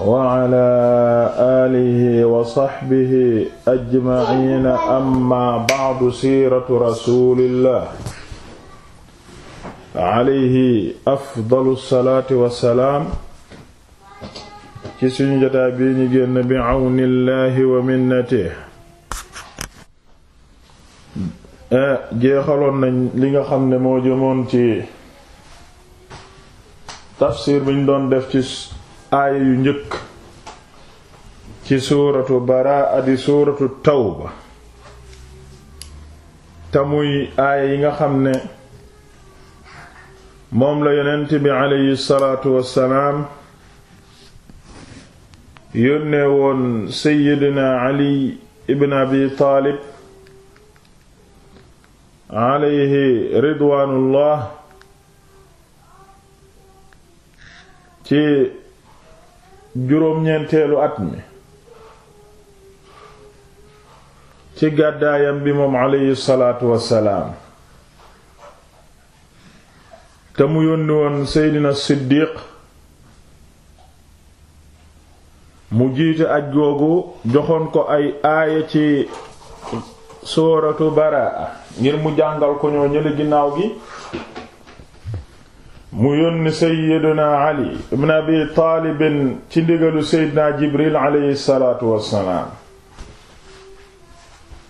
wa ala alihi wa sahbihi ajmaciina amma bacdu siiratu rasulillah alayhi afdalu salaati wa salaam ci suñu jotaay bi ñu génn bi awnillahi wa minnatihi li nga xam ne moo jëmoon ci tafsir biñ doon def ci aaya yu njëkk ci suuratu baraa di suuratu tawba te muy aaya yi nga xam ne moom la yonent bi aleyhi salaatu wassalaam yónnee woon seydina ali ibn abi taalib aleyhi ridwaanullah ci juróom-ñeenteelu at mi ci gàddaayam bi moom aleyhi salaatu wassalaam te mu yónni woon seydina siddiq mu jiite aj googu joxoon ko ay aaya ci sooratu baraa ngir mu jàngal ko ñoo ñële ginnaaw gi mu yónni seydina ali ibn abi taalibin ci ndigalu seydina jibril aleyhi salaatu wassalaam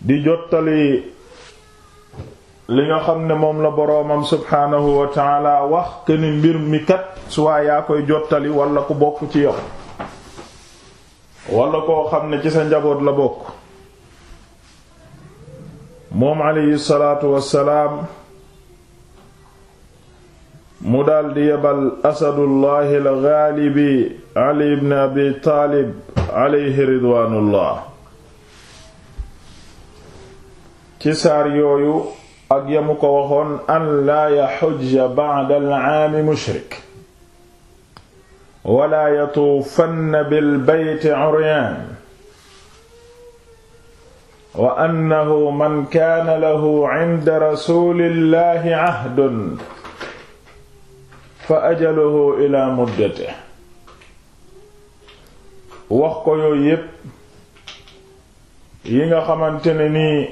di jottali li nga xam ne moom la boromam subhaanahu wa taala wax këni mbir mi kat suwaa yaa koy jottali walla ku bokk ci yow walla koo xam ne ci sa njaboot la bokk moom aleyhi salaatu wassalaam mu daldi yebal asadullahi algaalibi ali ibn abi taalib alayhi ridwaanullah ci saar yooyu ak yamu ko waxoon an laa yaxujja bacda alcaami mushrik wala yatuufanna bilbeyti curyaan wa annahu man kaana lahu cinda rasulillahi cahdun fa ajaluhu ila muddate wax ko yooyu yépp yi nga xamante nii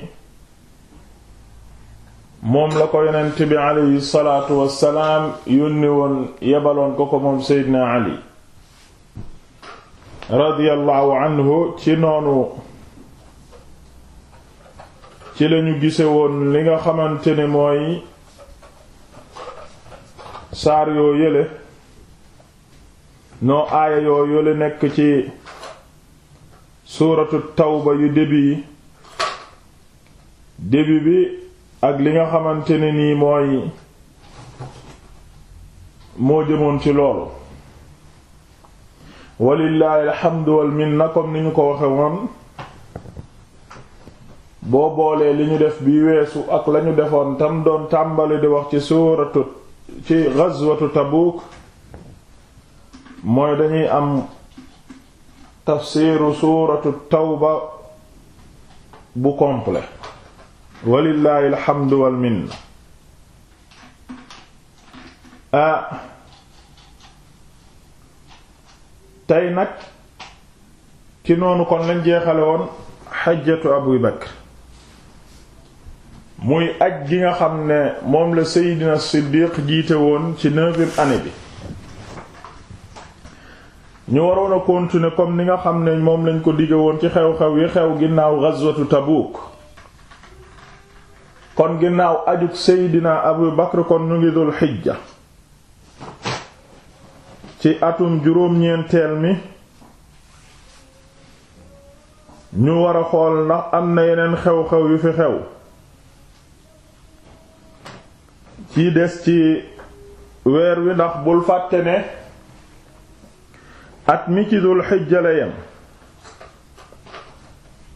moom la ko yonent bi aleyhi yebaloon ko moom seydina ali radiyallahu anhu ci noonu ci lañu gise woon li nga xamante ne mooy saar yoo yële noo aaya yoo yële nekk ci suuratu tawba yu début yi début bi ak li nga xamante ne nii mooy moo jëmoon ci loolu walillahi alhamdu wal minna ni ñu ko waxe woon boo boolee li ñu def bi weesu ak lañu defoon tam doon tàmbali di wax ci suuratu ci ghazwatu Tabuk mooy dañuy am tafsiru suuratu tawba bu complet walillahi alhamdu wal minna ah tey nag ci noonu kon lañ jeexale woon xajjatu Abu Bakr muy aj gi nga xam ne moom la Seydina Siddiq jiite woon ci neuvième année bi ñu waroon a continuer comme ni nga xam ne moom lañ ko dige woon ci xew-xew yi xew ginnaaw ghazwatu Tabuk kon ginnaaw ajug Seydina Abu Bakr kon ñu ngi dul xijja ci atum juróom-ñeenteel mi ñu war a xool ndax am na yeneen xew-xew yu fi xew ci des ci weer wi ndax bul fàtte ne at mi ci dul xijja yem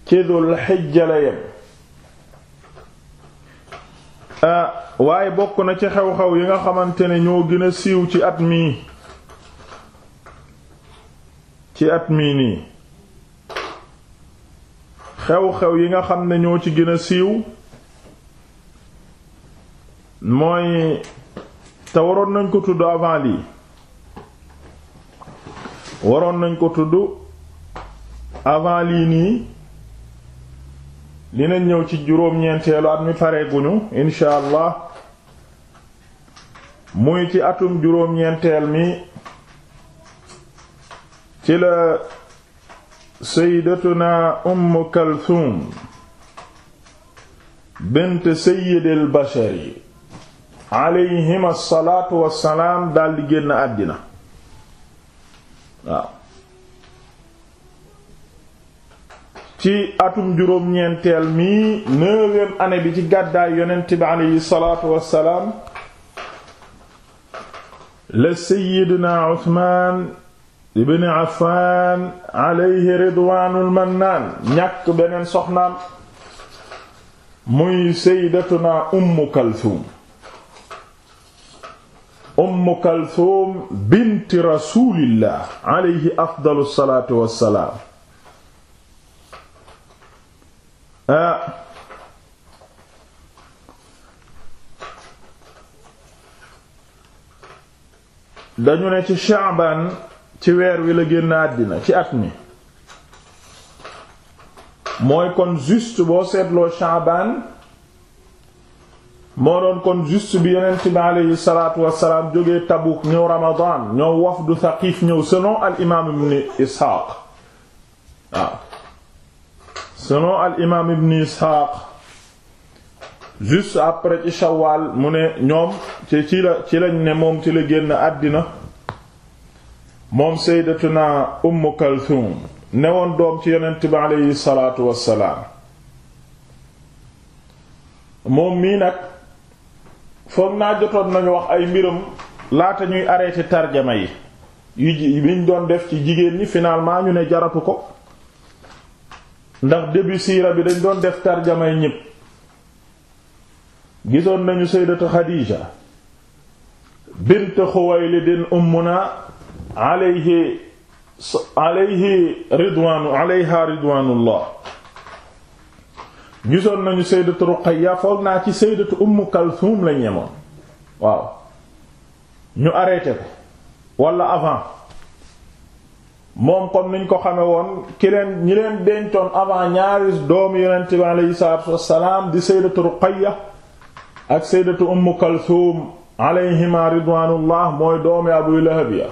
ci dul xijja yem ah, waaye bokk na ci xew-xew yi nga xamante ne ñoo gën a siiw ci at mii ci at mii nii xew-xew yi nga xam ne ñoo ci gën a siiw mooy te waroon nañ ko tudd avant lii waroon nañ ko tudd avant lii nii dinañ ñëw ci juróom-ñeenteelu at mi pareeguñu incha allah muy ci atum juróom-ñeenteel mi ci la sayyidatuna umm kalthum bint sayyidil bashari alayhim assalaatu wassalaam daldi génn àddina waaw ci atum juróom-ñeenteel mi neuvième année bi ci gàddaay yonent bi aleyhi salaatu wassalaam la seyyidina Usmaan ibn Affaan aleyhi ridwaanul mannaan ñàkk beneen soxnaam muy seydatuna Ummu Kalsuum umm kalthum bint rasulillah alayhi afdalu salaatu wassalaam ah. dañu ne ci sha'ban ci weer wi la génn àddina ci at mi mooy kon juste boo seetloo sha'ban moo doon kon juste bi yonent bi aleyhi salaatu wassalaam jógee Tabuk ñëw Ramadan ñëw wafdu Thaqif ñëw selon al imaam ibn Isxaaq waaw selon al imaam ibn Isxaaq juste après ci Shawwal mu ne ñoom ci ci la ci lañ ne moom ci la génn àddina moom sayyidatuna Umm Kalthum newoon doom ci yonent bi aleyhi salaatu wassalaam moom mii nag foog naa jotoon nañu wax ay mbiram laata ñuy arrêté tarjama yi yu liñ doon def ci jigéen ñi finalement ñu ne jaratu ko ndax début siira bi dañ doon def tarjama yi ñépp gisoon nañu sayyidatu Xadiija bint Xuwaylid ummuna alayhi alayhi ridwaanu alayha ridwaanullah gisoon nañu sayyidatu Ruqayya foog naa ci sayyidatu Ummu Kalthum lañ yemoon waaw ñu arrêté ko walla avant moom kon niñ ko xame woon ki leen ñi leen dencoon avant ñaari doomu yonent bi aleyhi salaatu wassalaam di sayyidatu Ruqayya ak sayyidatu Ummu Kalthum alayhima ridwaanullah mooy doomi Abu Lahab ya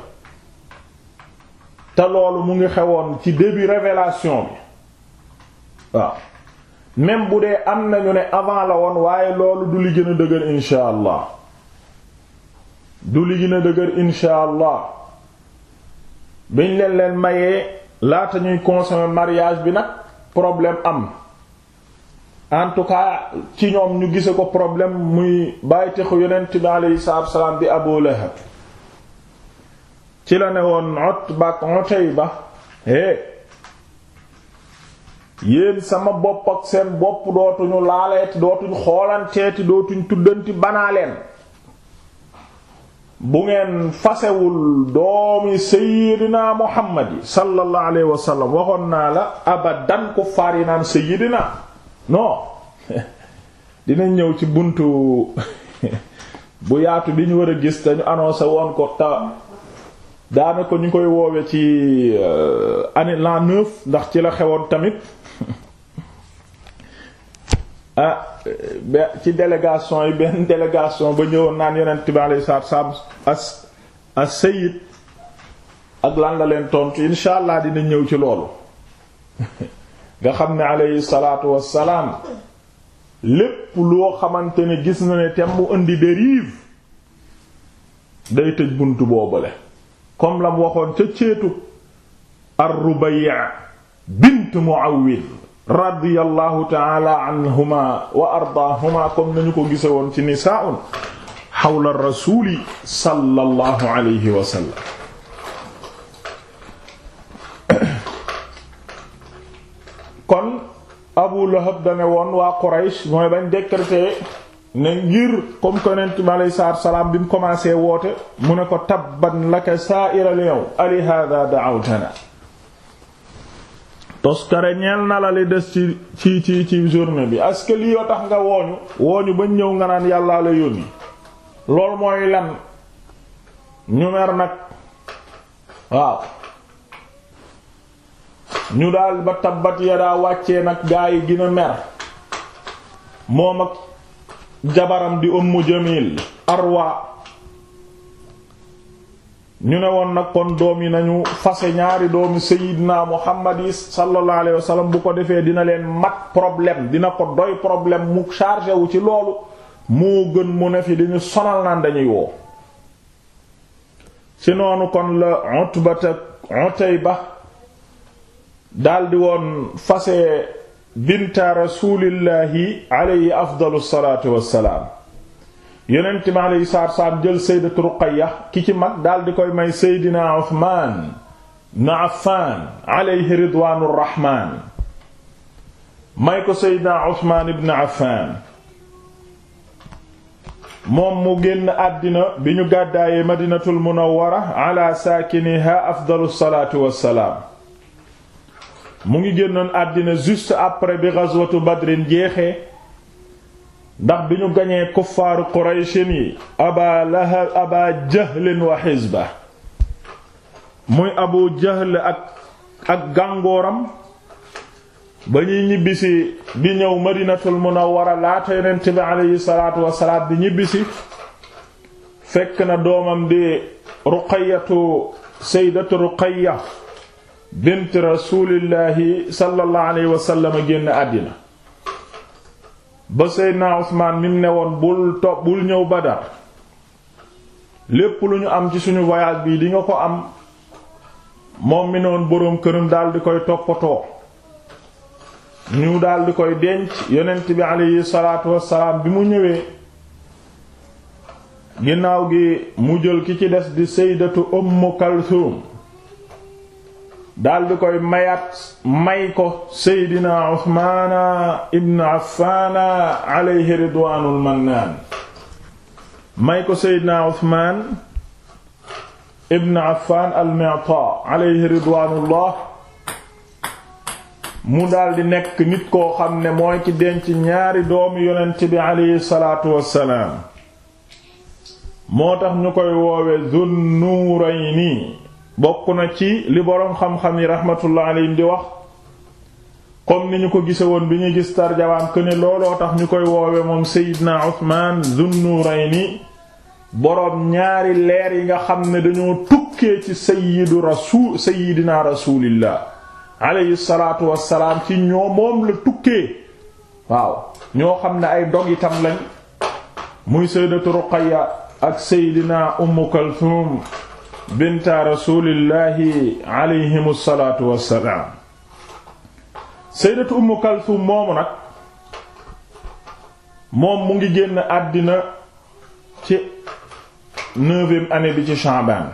te loolu mu ngi xewoon ci début révélation bi waaw même bu dee am nañu ne avant la woon waaye loolu du li gën dëgër insha allah du li gën a dëgër insha allah biñ leen leen mayee laata ñuy consommer mariage bi nag problème am en tout cas ci ñoom ñu gise ko problème muy bàyyitixu yonent bi aleyhi salaatu wasalaam bi Abu Lahab ci la ne woon Utba Utayba é eh, yéen sama bopp ak seen bopp dootuñu laaleeti dootuñ xoolanteeti dootuñ tuddanti banaa leen bu ngeen fasewul doomi sayidina muhammad yi sallallahu alayhi wa sallam waxoon naa la abadan ku faar yi naan sayidina non dina ñëw ci buntu bu yaatu bi ñu war a gis dañu annoncé woon ko daana ko ñu koy woowe ci euh, année l'an neuf ndax ci la xewoon tamit ah ci délégation yi benn délégation ba ñëwoon naan yonent bi alayhi salaam as as sayyid ak lan la leen tontu insha allah dina ñëw ci loolu nga xam ne alayhi salaatu wassalaam lépp loo xamante ne gis na ne tem indi dérive day tëj bunt boobale comme lam waxoon ca céetu ar bint Muawwid radiyallahu ta'ala anhuma wa ardaahuma comme nañu ko gise woon ci nisaa'un xawla rasuli sallallahu alayhi wa sallam kon Abu Lahab dane woon waa Quraysh mooy bañ décréter ne ngir comme que Yonent bi commencé woote mu ne ko tabban laka saa'ira al-yawm ali da'awtana toskare ñeel na la li des ci ci ci ci bi est-ce que lii tax nga wooñu wooñu bañ ñëw nga naan yàllaa la yónni loolu mooy lan ñu mer nag waaw ñu daal ba tabbat ya daa nag gaa yi gën a mer moom ak jabaram di ummu jamil arwa ñu ne woon nag kon doom yi nañu fase ñaari doomi sayidna muhammad yi sallallahu alayhi wa bu ko defee dina leen mat problème dina ko doy problème mu chargé wu ci loolu moo gën mu ne fi diñu sonal naan dañuy woo ci noonu kon la Utbata Utayba daldi woon fase binta rasulillahi alayhi afdalu salaatu wassalaam yonent mi alayhi salaatu salaam jël sayyidatu Ruqayya ki ci mag daal di koy may Seydina Usmaan ibn Affaan alayhi ridwaanu rahmaan may ko Seydina Usmaan ibn Affaan moom mu génn àddina bi ñu gàddaayee Madinatul Munawwara ala saakinihaa afdalu salaatu wassalaam mu ngi génnoon àddina juste après bi ghazwatu Badrin jeexee ndax bi ñu gañee kuffaaru qurayshin yi aba lahab aba jahlin wa xisba muy abu jahl ak gàngooram ba ñuy ñibbisi di ñëw madinatul munawwara laata yonent bi aleyhi salaatu wasalaam di ñibbisi fekk na doomam di ruqayatu saydatu ruqaya bint rasulillahi sallallahu alayhi wasallam génn àddina ba seydna Usmaan mi ne woon bul topp bul ñëw Badar lépp lu ñu am ci suñu voyage bii di nga ko am moom mi ne woon boroom këram daldi koy toppatoo ñu daldi koy denc yonent bi aleyhi salaatu wassalaam bi mu ñëwee ginnaaw gi mu jël ki ci des di seydatu Ummu Kalsum daldi koy mayaat may ko seydina uthmaana ibn affaana alayhi ridwaanul mannaan may ko seydina uthmaan ibn affaan al mi'taa alayhi ridwaanullah mu daldi nekk nit koo xam ne mooy ci denc ñaari doomu yonent bi alayhi salaatu wassalaam moo tax ñu koy woowe dhun nuurayni bokk na ci li boroom xam-xam yi rahmatullah alayhim di wax kon ni ñu ko gise woon bi ñuy gis tarjawaam que looloo tax ñu koy woowe moom Seydina Usmaan Zunnurayni boroom ñaari leer yi nga xam ne dañoo tukkee ci sayyidu rasul Seydina rasulillah alayhi salaatu wassalaam ci ñoo moom la tukkee waaw ñoo xam ne ay dog itam lañ muy Sayyidatu Ruqayya ak Seydina Ummu Kalthum binta rasulillahi alayhimu salaatu moomu nag moom mu ngi génn àddina ci neuvième année ci Sha'ban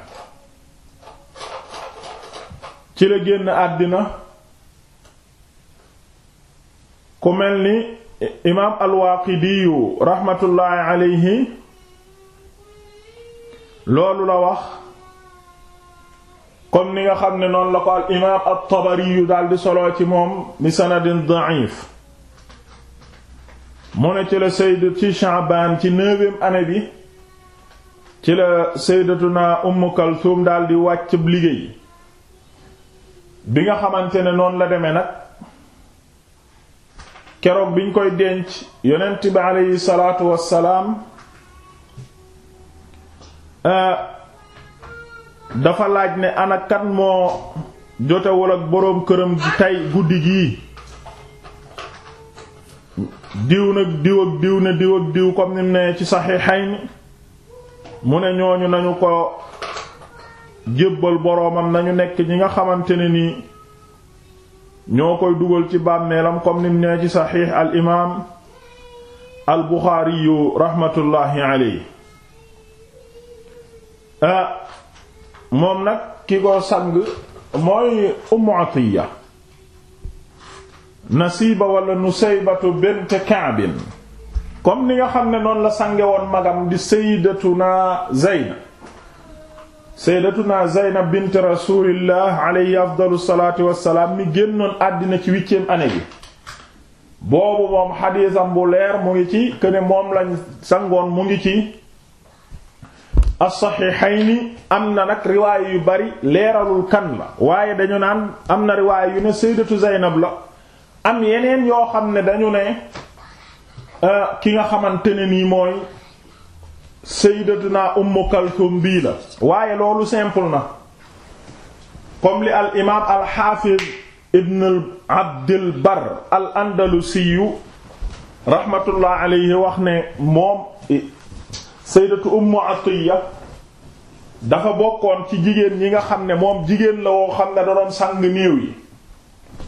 ci la génn àddina ku mel ni imaam al-Waaqidiyu raxmatullaahi loolu la wax kon ni nga xam ne noonu la ko al imaam at-Tabari yu daal di solo ci moom bi sanadin da'if mu ne ci la sayyidu ci Sha'ban ci neuvième année bi ci la sayyidatuna Umm Kalthum daal di wàcc liggéey bi nga xamante ne noonu la deme nag keroog biñ koy denc yonent bi aleyhi salaatu wassalaam euh, dafa laaj ne ana kan moo jotewul ak boroom këram tey guddi gii diw na diw ak diw ne diw ak diw comme ni mu ne ci ñu nañu ko jébbal boroomam nañu nekk ñi nga xamante ne nii ñoo koy dugal ci bàmmeelam kom ni mu ne ci saxiix al imaam al buxaari yu raxmatullaahi aleyhi ah, moom nag ki ko sang mooy Ummu Atiya Nasiba wala Nusaybatu bint Ka'b comme ni nga xam ne noon la sange woon magam di sayyidatuna Zaynab sayyidatuna Zaynab bint Rasulillah alayhi afdalu salaatu wassalaam mi génnoon àddina ci huitième année bi boobu moom xadiisam bu mu ngi ci que moom lañ sangoon mu ngi ci as-Sahihayni am na nag riwaay yu bari leeralul kan la waaye dañu naan am na riwaay yu ne sayyidatu Zaynab la am yeneen yoo xam ne dañu ne euh, ki nga xamante ne nii mooy sayyidatuna Ummu Kalthum bii la waaye loolu simple na comme li al imaam al xaafiz ibn Abdil al andalusiyu rahmatullah alayhi wax ne moom sayyidatu Ummu Atiyya dafa bokkoon ci jigéen ñi nga xam ne moom jigéen la woo xam ne da doon sàng néew yi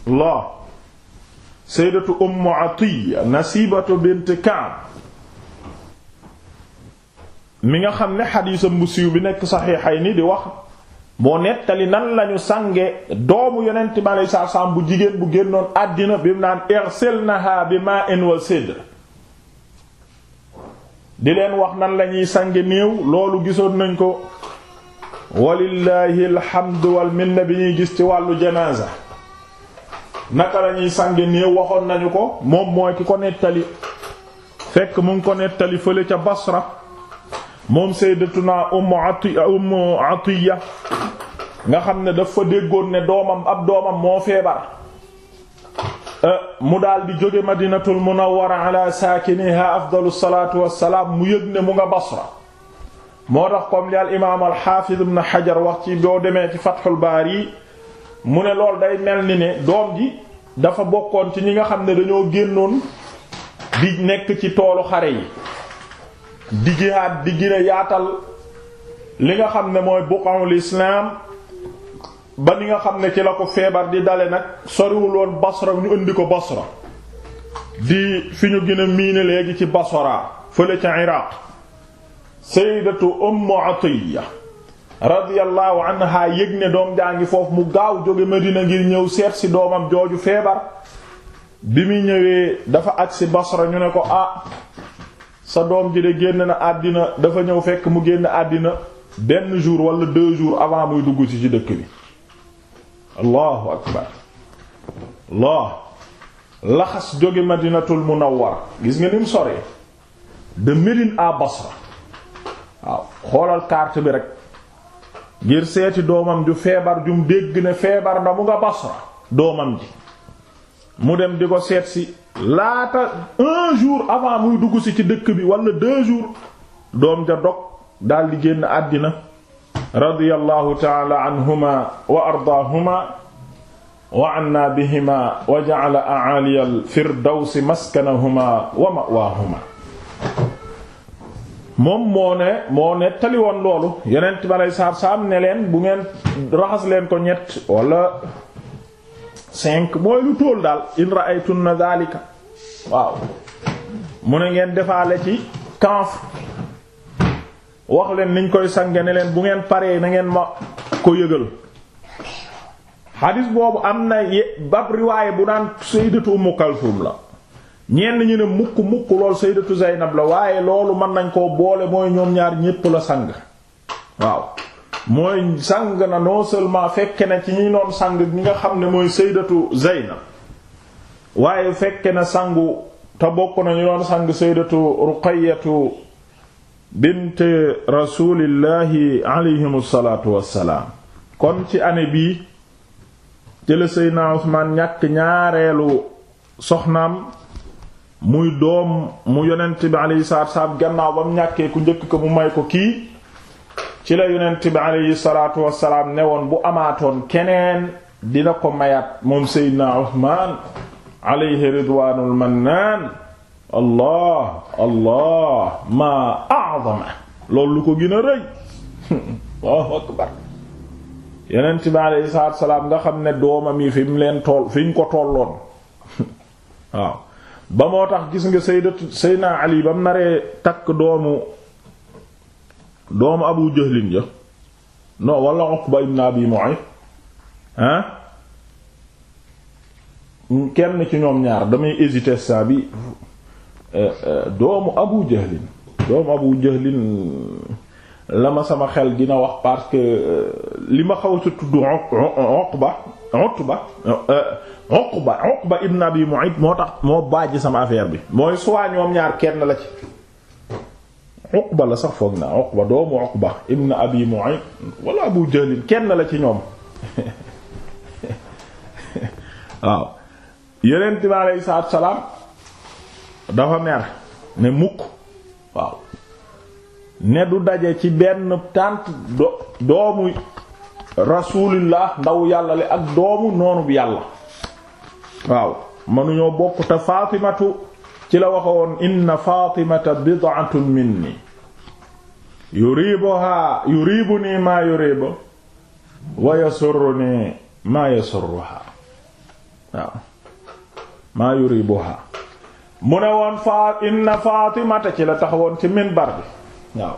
laa sayyidatu ummu atiya nasibatu bint Ka'b mi nga xam ne xadiisam bu siiw bi nekk saxiixayni di wax moo nettali nan lañu sànge doomu yonent bi aleyhi salaatu bu jigéen bu génnoon àddina bi mu naan irsilnaha bi ma'in wa sidr di leen wax nan lañuy sange néew loolu gisoon nañ ko walillahi alhamdu wal minna bi ñuy gis ci wàllu janaasa naka lañuy sange néew waxoon nañu ko moom mooy ki ko nettali fekk mu ngi ko nettali fële Basra moom sayyidatuna Ummu Atiya Ummu Atiya nga xam ne dafa déggoon ne doomam ab doomam moo feebar eh, mu daal di jóge Madinatul Munawwara ala saakiniha afdalu salaatu wassalaam mu yëg ne mu nga Basra moo tax comme li al imaam al xaafis ibn xajar wax ci boo demee ci Fathul yi mu ne loolu day mel ni ne doom ji dafa bokkoon ci ñi nga xam ne dañoo génnoon di nekk ci toolu xare yi di jihaad di gën a yaatal li nga xam ne mooy buqaul islaam ba ni nga xam ne ci la ko feebar di dale nag soriwul woon Basra ñu indi ko Basra di fi ñu gën a miine léegi ci Basra fële ca Iraq sayyidatu ummu atiya radiyallahu anha yëg ne doom jaa ngi foofu mu gaaw jóge Medina ngir ñëw seet si doomam jooju feebar bi muy ñëwee dafa agsi Basra ñu ne ko ah sa doom ji de génn na àddina dafa ñëw fekk mu génn àddina benn jour walla deux jour avant muy dugg ci ci dëkk bi allahu akbar allah laxas jóge Madinatul Munawwara gis nga ni mu soree de Médine Basra waaw xoolal carte bi rek ngir seeti doomam ju feebar jum dégg ne feebar na mu nga Basra doomam ji mu dem di ko seetsi laata un jour avant muy dugg si ci dëkk bi wala deux jours doom ja dog daldi génn àddina radiyallahu taala anhuma wa ardaahuma wa anna bihima wa ja'ala a'ali al-firdawsi maskanahuma wa ma'waahuma moom moo ne moo ne tali woon loolu yonent bi aleyhi sa am ne leen bu ngeen raxas leen ko ñett wala cinq mooy lu tóol daal in ra'aytunna dhalika waaw mu ne ngeen defaale ci kanf wax leen niñ koy sange ne leen bu ngeen paree na ngeen ma ko yëgal xadiis boobu am na ye- bab riwaaye bu naan sayyidatu Ummu Kalsum la ñenn ñu ne mukk mukk lool sayyidatu Zaynab la waaye loolu mën nañ koo boole mooy ñoom ñaar ñépp la sang waaw mooy sang na non fekke na ci ñi noon sang ñi nga xam ne mooy sayyidatu Zaynab waaye fekke na sangu te bokk na ñu doon sang sayyidatu Ruqayyatu bint rasulillahi alayhimu salaatu wassalaam kon ci année bii ci la Seydina Usmaan ñàkk ñaareelu soxnaam muy doom mu yonent bi alayhi salaatu wasalaam gannaaw ba mu ñàkkee ku njëkk ko mu may ko kii ci la yonent bi alayhi salaatu wasalaam ne woon bu amaatoon keneen dina ko mayaat moom Seydina Usmaan alayhi ridwaanul mannaan allah allah maa a'zama loolu lu ko gën a rëy Allahu akbar yonent bi alayhi salaatu wasalaam nga xam ne doomam yi fi mu leen toll fi ñu ko tolloon waaw ba moo tax gis nga sey naa Ali ba mu naree takk doomu doomu Abu Jahlin ja non wala Uqba ibn Abi Mu'ayt ah kenn ci ñoom ñaar damay hésiter bi euh, euh, doomu Abu Jahlin doomu Abu Jahlin la ma sama xel dina wax parce que euh, li ma xaw sa tudd Uqba ba Uqba Uqba moo tax moo bàjj sama bi mooy soit ñoom ñaar kenn la la sax foog naa kenn la ci ñoom waaw yonent bi aleyhi salaam dafa mer ne mukk waaw ne du daje ci benn tànt doomu rasuulillah ndaw yàlla le ak doomu noonu bi yàlla waaw manuñoo bokk faatimatu ci la wax woon faatimata bid'atun minni yuribuha yuribuni maa yuribu wa yasurruni maa yasurruha waaw maa yuribuha mu ne woon fa inna faatimata ci la taxawoon ci minbar bi waaw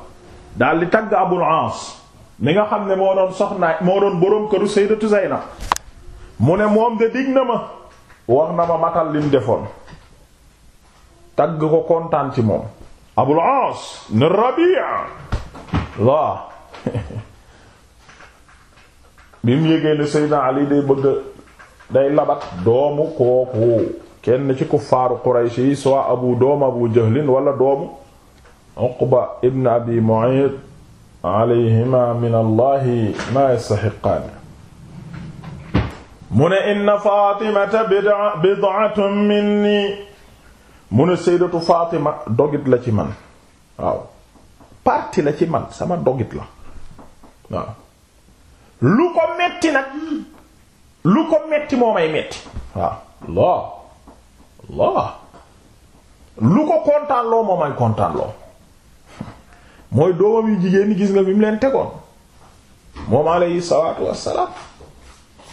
daal di tagg Abul Aas mi nga xam ne moo doon soxnaay moo doon boroom këru Sayyidatu Zaynab mu ne moom de digg na ma wax na ma matal lim defoon tagg ko kontaan ci moom Abul Aas ne Rabi'a la bi mu yégee ne Seydina Ali day bëgg day labat doomu kooku kenn ci kuffaaru Quraysh yi abu doomu Abu Jahlin wala doomu Uqba ibn Abi Mu'ayt ma yastaxiqaani mu ne inna faatimata bid'atun minni mu ne sayyidatu faatima dogit la ci man waaw parti la ci man sama dogit la waaw lu ko metti nag lu ko metti moo may metti waaw Allah Allah lu ko kontaan loo moo may kontaan loo mooy doomam yu jigéen ñi gis nga bi mu leen tegoon moom alayhi salaatu wassalaam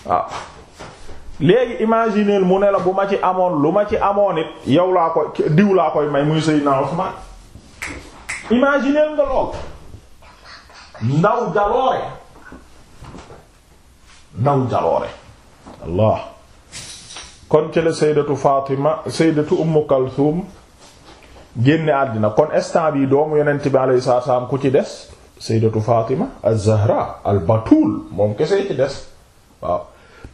waaw léegi imagineel mu ne la bu ma ci amoon lu ma ci amoon it yow laa koy diw laa koy may muy Seydina Usman imagineel nga lool ndaw jaloore ndaw jaloore Allah kon ci la saydatu Fatima saydatu Ummu génne àddina kon instant yi doomu yonent bi alayhi salaam ku ci des saydatu Fatima az-Zahra al-Batul moom kese ci des waaw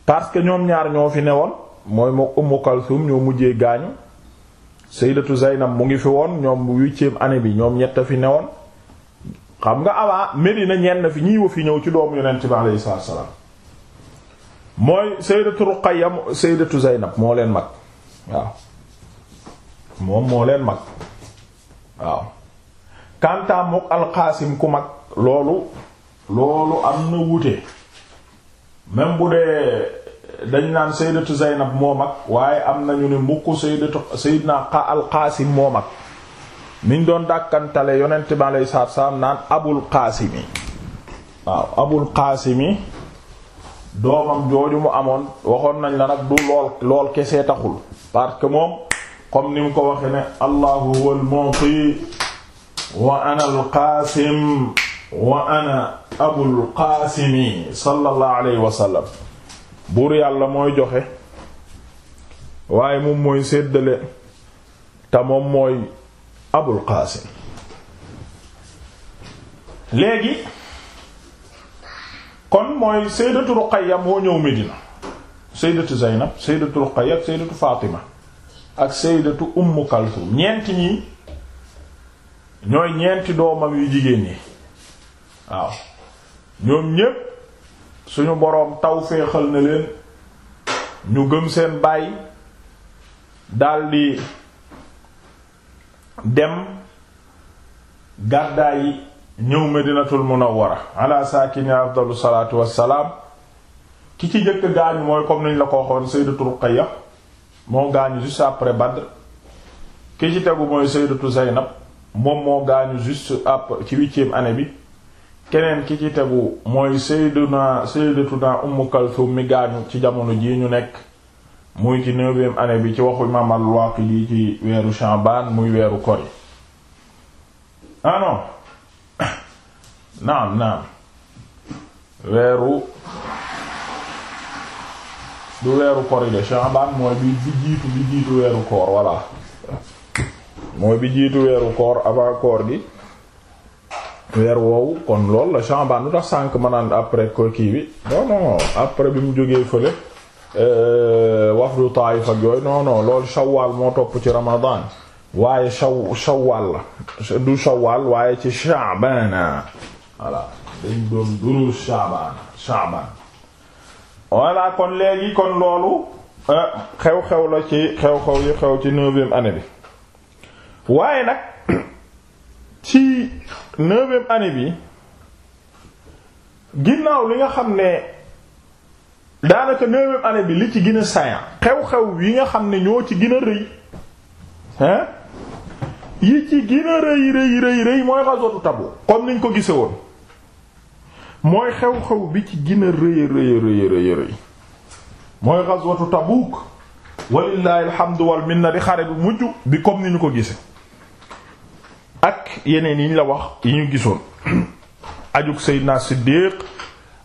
parce que ñoom ñaar ñoo fi newoon mooy mook Ummu Kalsum ñoo mujjee gaañu Sayyidatu Zaynab mu ngi fi woon ñoom huitième année bi ñoom ñett fi newoon xam nga avant Medina ñenn fi ñii wa fi ñëw ci doomu Yonent bi alayhi salaatu wassalaam mooy Sayyidatu Ruqayya Sayyidatu Zaynab moo leen mag waaw moom moo leen mag waaw kantaa mook Al ku mag loolu loolu am na wuute même bu dee dañ naan sayyidatu Zaynab moo mag waaye am nañu ne mukk sayyidatu sayyidna al-Qaasim moo mag niñ doon dàkkantale yonent bi alayhi salaatu salaam naan Abul Qaasimi waaw Abul Qaasimi doomam jooju mu amoon waxoon nañ la rag du lool lool kese taxul parce que moom comme ni mu ko waxee ne allahu huwal mu'ti wa ana al wa ana abul qaasimi sallallahu alayhi wa buur yàlla mooy joxe waaye moom mooy séddale te moom mooy abul qaasim léegi kon mooy sayyidatu ruqayya moo ñëw Medina sayyidatu zaynab sayyidatu ruqayya ak sayyidatu fatima ak sayyidatu ummu kalthum ñeenti ñi ñooy ñeenti doomam yu jigéen ñi waaw ñoom ñépp suñu boroom taw tawféexal na leen ñu gëm seen baay daldi dem gàddaa yi ñëw medinatul munawwara ala saakini afdalu salaatu wassalaam ki ci jëkk gaañu mooy comme niñ la ko waxoon sayyidatu Ruqayya moo gaañu juste après Badr ki ci tegu mooy sayyidatu Zaynab moom moo gaañu juste après ci huitième année bi keneen ki ci tegu mooy sayyiduna sayyidatuna Ummu Kalthum mi gaañu ci jamono jii ñu nekk muy ci neuvième année bi ci waxu imaam al-Waaqidi ci weeru Sha'baan muy weeru kori ah non naam naam weeru du weeru kori de Sha'baan mooy bi jiitu bi jiitu weeru koor voilà mooy bi jiitu weeru koor avant koor gi weer woowu kon loolu la Sha'ban lu tax sànq après ko kii bi non non après bi mu jógee fële euh, wafdu Taayif ak yooyu non non loolu Shawwal moo topp ci Ramadan waaye shaw Shawwal la du Shawwal waaye ci Sha'ban voilà dañ doon duru kon léegi kon loolu euh, xew-xew la ci xew-xew yi xew ci neuvième année bi ginnaaw li nga xam ne daanaka neuvième année bi li ci gën a xew-xew yi nga xam ne ñoo ci gën rëy hein yi ci gën a rëy rëy rëy rëy mooy ghazwatu Tabuk comme niñ ko gise woon mooy xew-xew bi ci gën a rëy rëy rëy rëy rëy mooy ghazwatu Tabuk walillahi alhamdu wal minna di xare bi mujj bi comme ni ñu ko gise ak yeneen yi ñu la wax yi ñu gisoon ajug Seydina Siddiq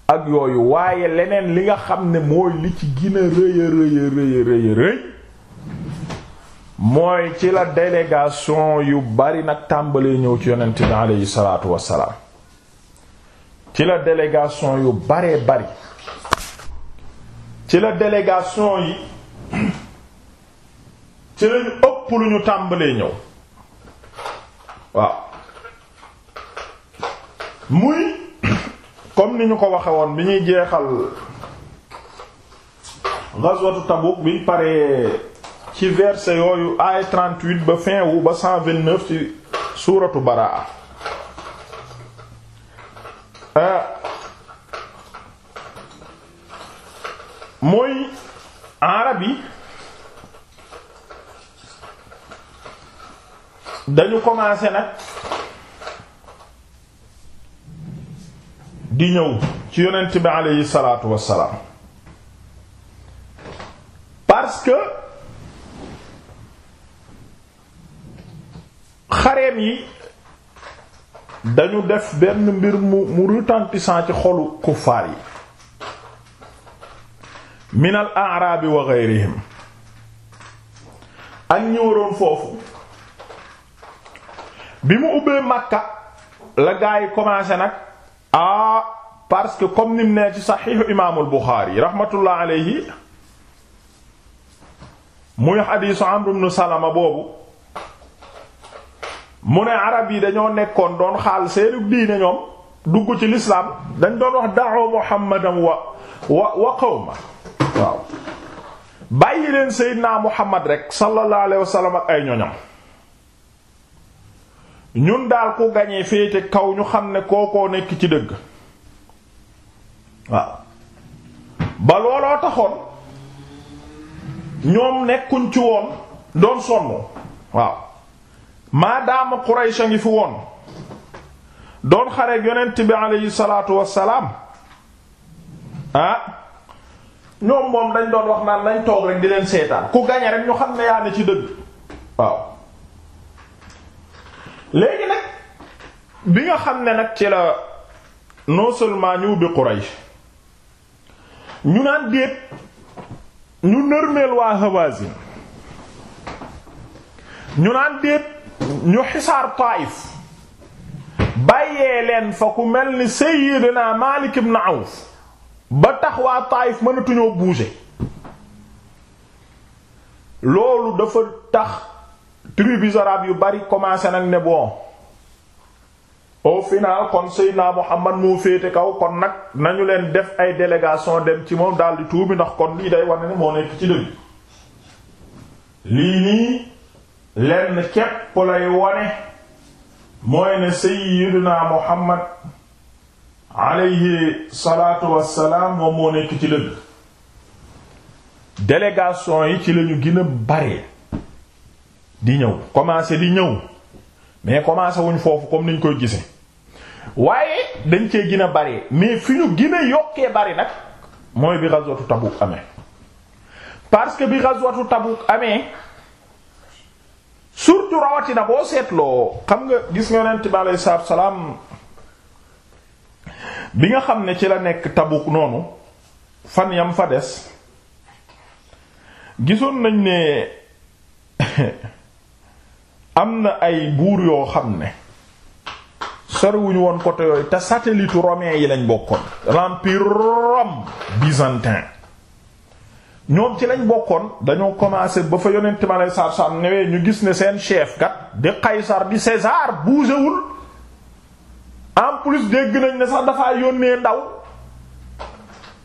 ak yooyu waaye leneen li nga xam ne mooy li ci gën rëy rëy rëy mooy ci la délégation yu bari nag tàmbalee ñëw ci yonent bi aleyhi salaatu wassalaam ci la délégation yu baree bari ci la délégation yi ci lañu ëpp lu ñu tàmbalee ñëw waaw muy comme ni ñu ko waxe woon bi ñuy jeexal ghazwatu Tabuk bi pare ci verset yooyu ay 38 ba fin wu ba 129 ci suuratu Baraa euh, mooy arab yi dañu commencé nag di ñëw ci yonent bi aleyhi salaatu wassalaam parce que xareem yi dañu def benn mbir mu mu retentissant ci xolu kuffaar yi min al arabi wa ghayrihim ak ñi waroon foofu bi mu ubbee Makka la gaa yi nag ah parce que comme nim nee ci saxiixu imaamul Buxaari rahmatullah alayhi muy xadiisu Amru ibn Salama boobu mu ne arab yi dañoo nekkoon doon xaal seenu diine ñoom dugg ci lislaam dañ doon wax da'u Muhammadan wa wa wa qawma waaw bàyyi leen Seydina Muhammad rek sallallahu alayhi wa sallam ak ay ñoñam ñun daal ku gañee féete kaw ñu xam ne kookoo nekk ci dëgg waaw ba looloo taxoon ñoom nekkuñ ci woon doon sonn waaw maadaama Quraysh a ngi fi woon doon xareeg yonent bi aleyhi salaatu wassalaam ah ñoom moom dañ doon wax naan nañ toog rek di leen seetaan ku gañe rek ñu xam ne yaa ne ci dëgg waaw léegi nag bi nga xam ne nag ci la non seulement ñu ubbi ñu naan déet ñu nërmeel waa Hawazin ñu naan déet ñu xisaar Taif bàyyee leen fa ku mel ni Sayyidina Malik ibn Auf ba tax waa Taif mënatuñoo bouger loolu dafa tax tribus arabes yu bari commencé nag ne bon au final kon Seydina Muhammad moo féete kaw kon nag nañu leen def ay délégation dem ci moom daldi tuubi ndax kon lii day wane ne moo nekk ci dëgg lii nii lenn képp lay wane mooy ne Seydina Muhammad alayhi salaatu wassalaam moom moo nekk ci dëgg délégation yi ci lañu gën bare di ñëw commencé di ñëw mais commencé wuñ foofu comme niñ koy gise waaye dañ cee gën a bari mais fi ñu gën yokkee bari nag mooy bi ghazwatu Tabuk amee parce que bi ghazwatu Tabuk amee surtout rawatina boo seetloo xam nga gis nga yonent bi alayhi salaatu salaam bi nga xam ne ci la nekk Tabuk noonu fan yam fa des gisoon nañ ne am na ay buur yoo xam ne soriwuñu woon côté yooyu te satellite romain yi lañ bokkoon l'empire Rome byzantin ñoom ci lañ bokkoon dañoo commencé ba fa yonent ma lay saar newee ñu gis ne seen chef kat di Qaysar di César bougéwul en plus dégg nañ ne sax dafaa yónnee ndaw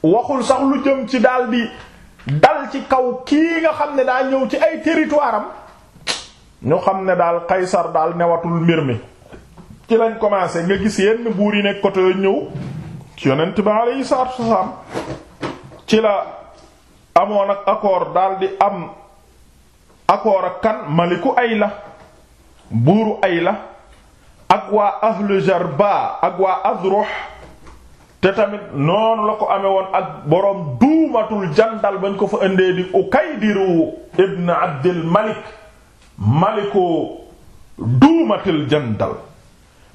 waxul sax lu jëm ci di dal ci kaw kii nga xam ne daa ñëw ci ay territoire am ñu xam ne daal Qaysar daal newatul mbir mi ci lañ commencé nga gis yenn buur yi nekk côté ñëw ci yonent ci la amoon ak accord daal di am accord ak kan maliku Ayla buuru Ayla ak waa ahlu Jarba ak waa Azruh te tamit noonu la ko amee woon ak boroom duumatul jandal bañ ko fa indee di Ukaydiru ibn Abdul Malik maliku duumatil jandal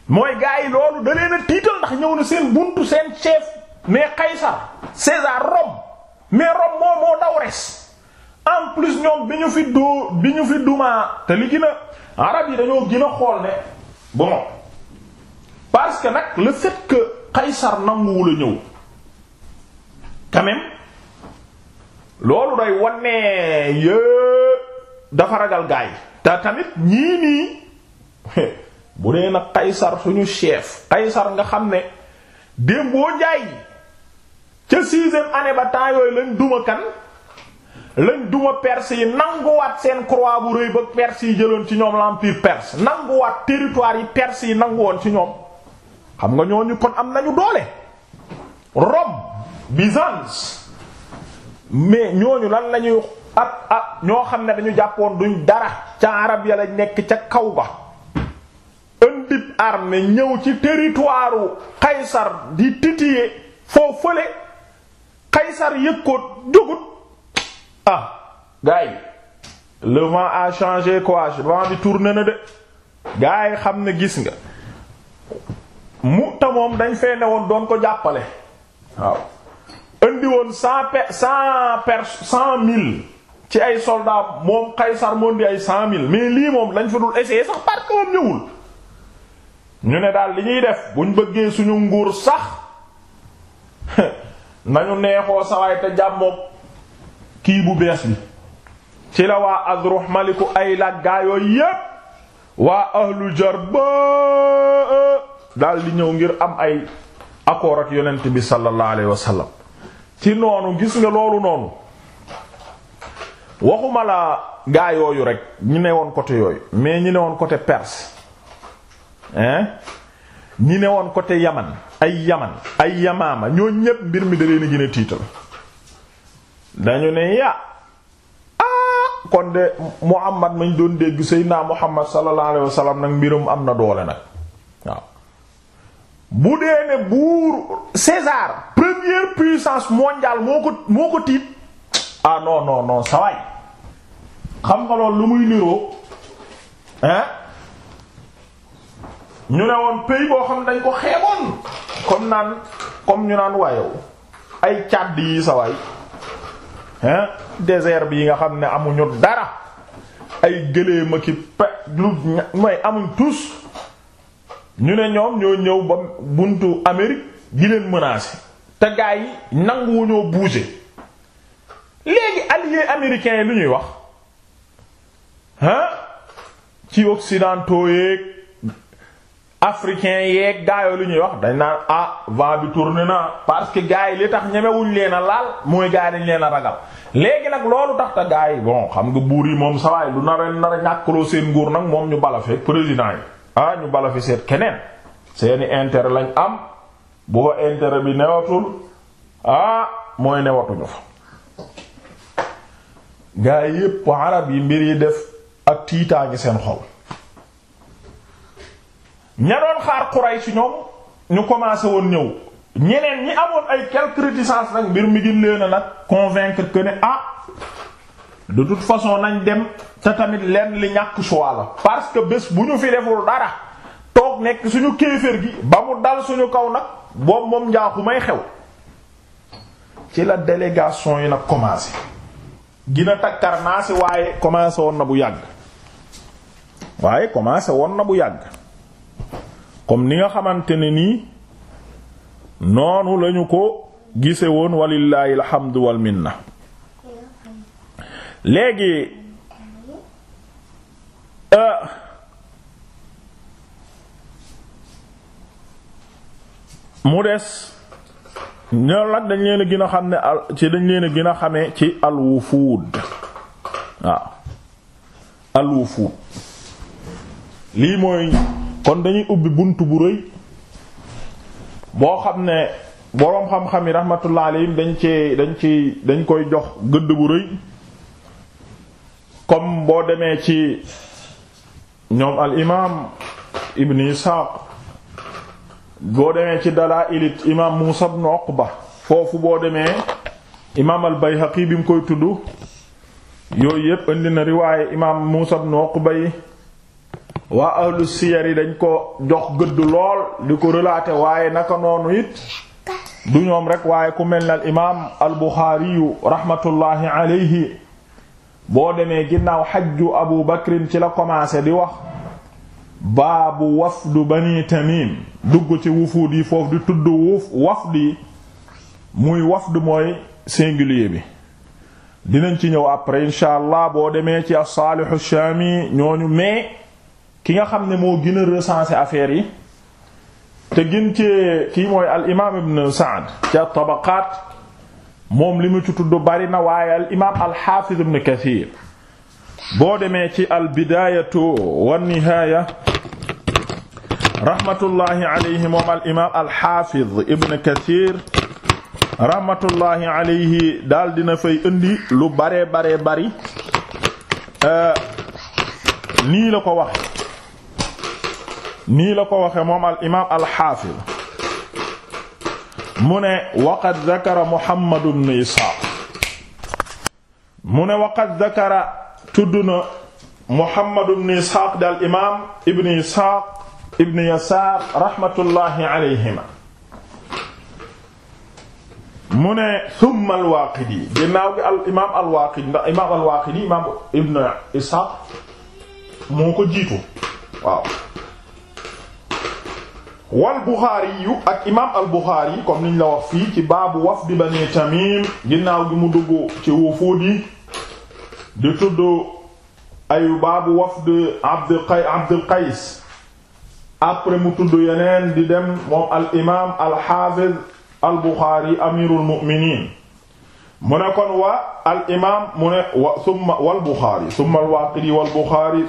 mooy gars yi loolu da leen a tiital ndax ñëw na seen buntu seen chef mais Qaysar César Rome mais Rome moo moo daw res en plus ñoom bi ñu fi doo bi ñu fi dumaa te li gën a arab yi dañoo gën a xool ne bon parce que nag la fait que Qaysar nanguwul a ñëw quand loolu day wannee ne dafa ragal gars yi te tamit ñii nii bu dee nag Qaysar suñu chef Qaysar nga xam ne Dembo Njaay ca sixième année ba temps yooyu lañ duma kan lañ duma perse yi nanguwaat seen croix bu rëy ba perse yi jëloon ci ñoom l'empire perse nanguwaat territoire yi perse yi nangu ci ñoom xam nga ñooñu kon am nañu doole Rome Byzance mais ñooñu lan lañuy ab ab ñoo xam ne dañu jàppoon duñ dara ca arab ya lañ nekk ca kaw ba ëndib armée ñëw ci territoire Qaysar di titiller foo fële Qaysar yëg ko jógut ah gars yi le a changé quoi vent bi tourné na de gars yi xam ne gis nga mu ta moom dañ fee woon doon ko jàppale waaw indi woon cent pe cent per cent mille ci ay soldats moom Qaysar moom di ay cent mille lii moom lañ fa dul essayer sax parce que ñëwul ñu ne daal li ñuy def buñ bëggee suñu nguur sax nañu neexoo sawaay te jàmmook kii bu bees bi ci la waa Azruh maliku ay laggaa yooyu yépp waa ahlu Jarba daal di ñëw ngir am ay accord ak yonent bi sallallahu alayhi wa sallam ci noonu gis nga loolu noonu waxuma la gaa yooyu rek ñu ne woon côté yooyu mais ñu ne woon côté Perse hein ñi ne woon côté yaman ay yaman ay yamaama ñoo ñépp mbir mi de leen a gën tiital dañu ne ya ah, kon de Muhammad mañ doon dégg Seydina Muhammad sallallahu alayhi wa sallam nag mbirum am na doole nag waaw bu dee ne buur César première puissance mondiale moo ko moo ko tiit ah non non non sawaay xam nga loolu lu muy niroo hein ñu ne woon pays boo xam ne dañ ko xeeboon comme naan comme ñu naan waayow ay càdd yi sa waay hein désert bi yi nga xam ne amuñu dara ay gëléema ki pe lu mooy amuñ tous ñu ne ñoom ñoo ñëw ba buntu Amérique di leen menacer te gaa yi nanguwuñoo bouger léegi alliés américains yi lu ñuy wax hein ci occidentaux yeeg africains yeeg gaayoo lu ñuy wax dañ naan ah vent bi tourné na parce que gars yi li tax ñemewuñ leen a laal mooy gars yi dañ leen a ragal léegi nag loolu tax te gars yi bon xam nga buur yi moom sawaay du nar a nar a seen nguur nag moom ñu bala fekk yi ah ñu bala fi seet keneen seeni intérêt lañ am bu ko intérêt bi newatul ah mooy newatuñu fa gaa yépp arab yi mbir yi def ak tiitaa ngi seen xol ña doon xaar Quraysh ñoom ñu commencé woon ñëw ñeneen ñi amoon ay quelques réticences nag mbir mi gin leen a nag convaincre que ne ah de toute façon nañ dem te tamit lenn li ñàkk choix parce que bés bu ñu fi deful dara toog nekk suñu kéefër gi ba mu dal suñu kaw nag boobu moom njaaxu may xew ci la délégation yi nag commencé gina takkar naa si waaye commencé woon na bu yàgg waaye commencé woon na bu yàgg comme ni nga xamante ne nii noonu lañu ko gise woon walillaahi alhamdu wal minna léegi euh, mu des ñoom nag dañ leen a gën a xam ne al ci dañ leen a gën a xamee ci alwufuud waaw alwufuud lii mooy kon dañuy ubbi bunt bu rëy boo xam ne boroom xam-xam yi rahmatullah alayhim dañ ci dañ ci dañ koy jox gëdd bu rëy comme boo demee ci ñoom al imaam ibn Isaaq boo demee ci Dalaa'il imaam Muusaa ibn Uqba foofu boo demee imaam bay Bayhaqi bi mu koy tudd yooyu yépp indi na riwaaye imaam Muusaa ibn Uqba yi waa ahlu siyar yi dañ ko jox gëddu lool di ko rëlaate waaye naka noonu it du ñoom rek waaye ku mel na al imaam al buxaari yu rahmatullahi alayhi boo demee ginnaaw xajju abu bakrin ci la commencé di wax baabu wafdu bani tamim dugg ci wufuud yi foofu di tudd wuf wafd yi muy wafd mooy singulier bi dinañ ci ñëw après incha allah boo demee ci as-Saalih ash-Shaami ñooñu mais ki nga xam ne moo gën a recenser yi te gën ci kii mooy al imaam ibn Sa'd ci tabaqaat moom li mu ci tudd bari na waaye al imaam al xaafiz ibn Kathir boo demee ci al bidaayatu wan nihaaya rahmatullahi alayhi moom al imaam al xaafiz ibn Kathir rahmatullahi alayhi daal dina fay indi lu bare baree bari nii la ko wax nii la ko waxe moom al imaam al xaafid mu ne waqad dakara Muhammad mu ne waqad dakara tudd na Muhammad ibn Isxaaq daal ibn Isxaaq ibn Yasaar rahmatullahi alayhima mu ne thumma al-Waaqidi ginnaaw gi al imaam al-Waaqidi ndax imaam al ko jiitu wal Buxaari ak imaam al Buxaari yi comme niñ la wax fii ci baabu wafdi bani Tamim ginnaaw gi mu dugg ci wufuud yi di tudd ay baabu wafd Abd Qays après mu tudd yeneen di dem moom al imaam al Haafiz al Buxaari amirul mu'miniin mu ne kon waa al imaam mu ne wa summa wal Buxaari summa al Waaqidi wal Buxaari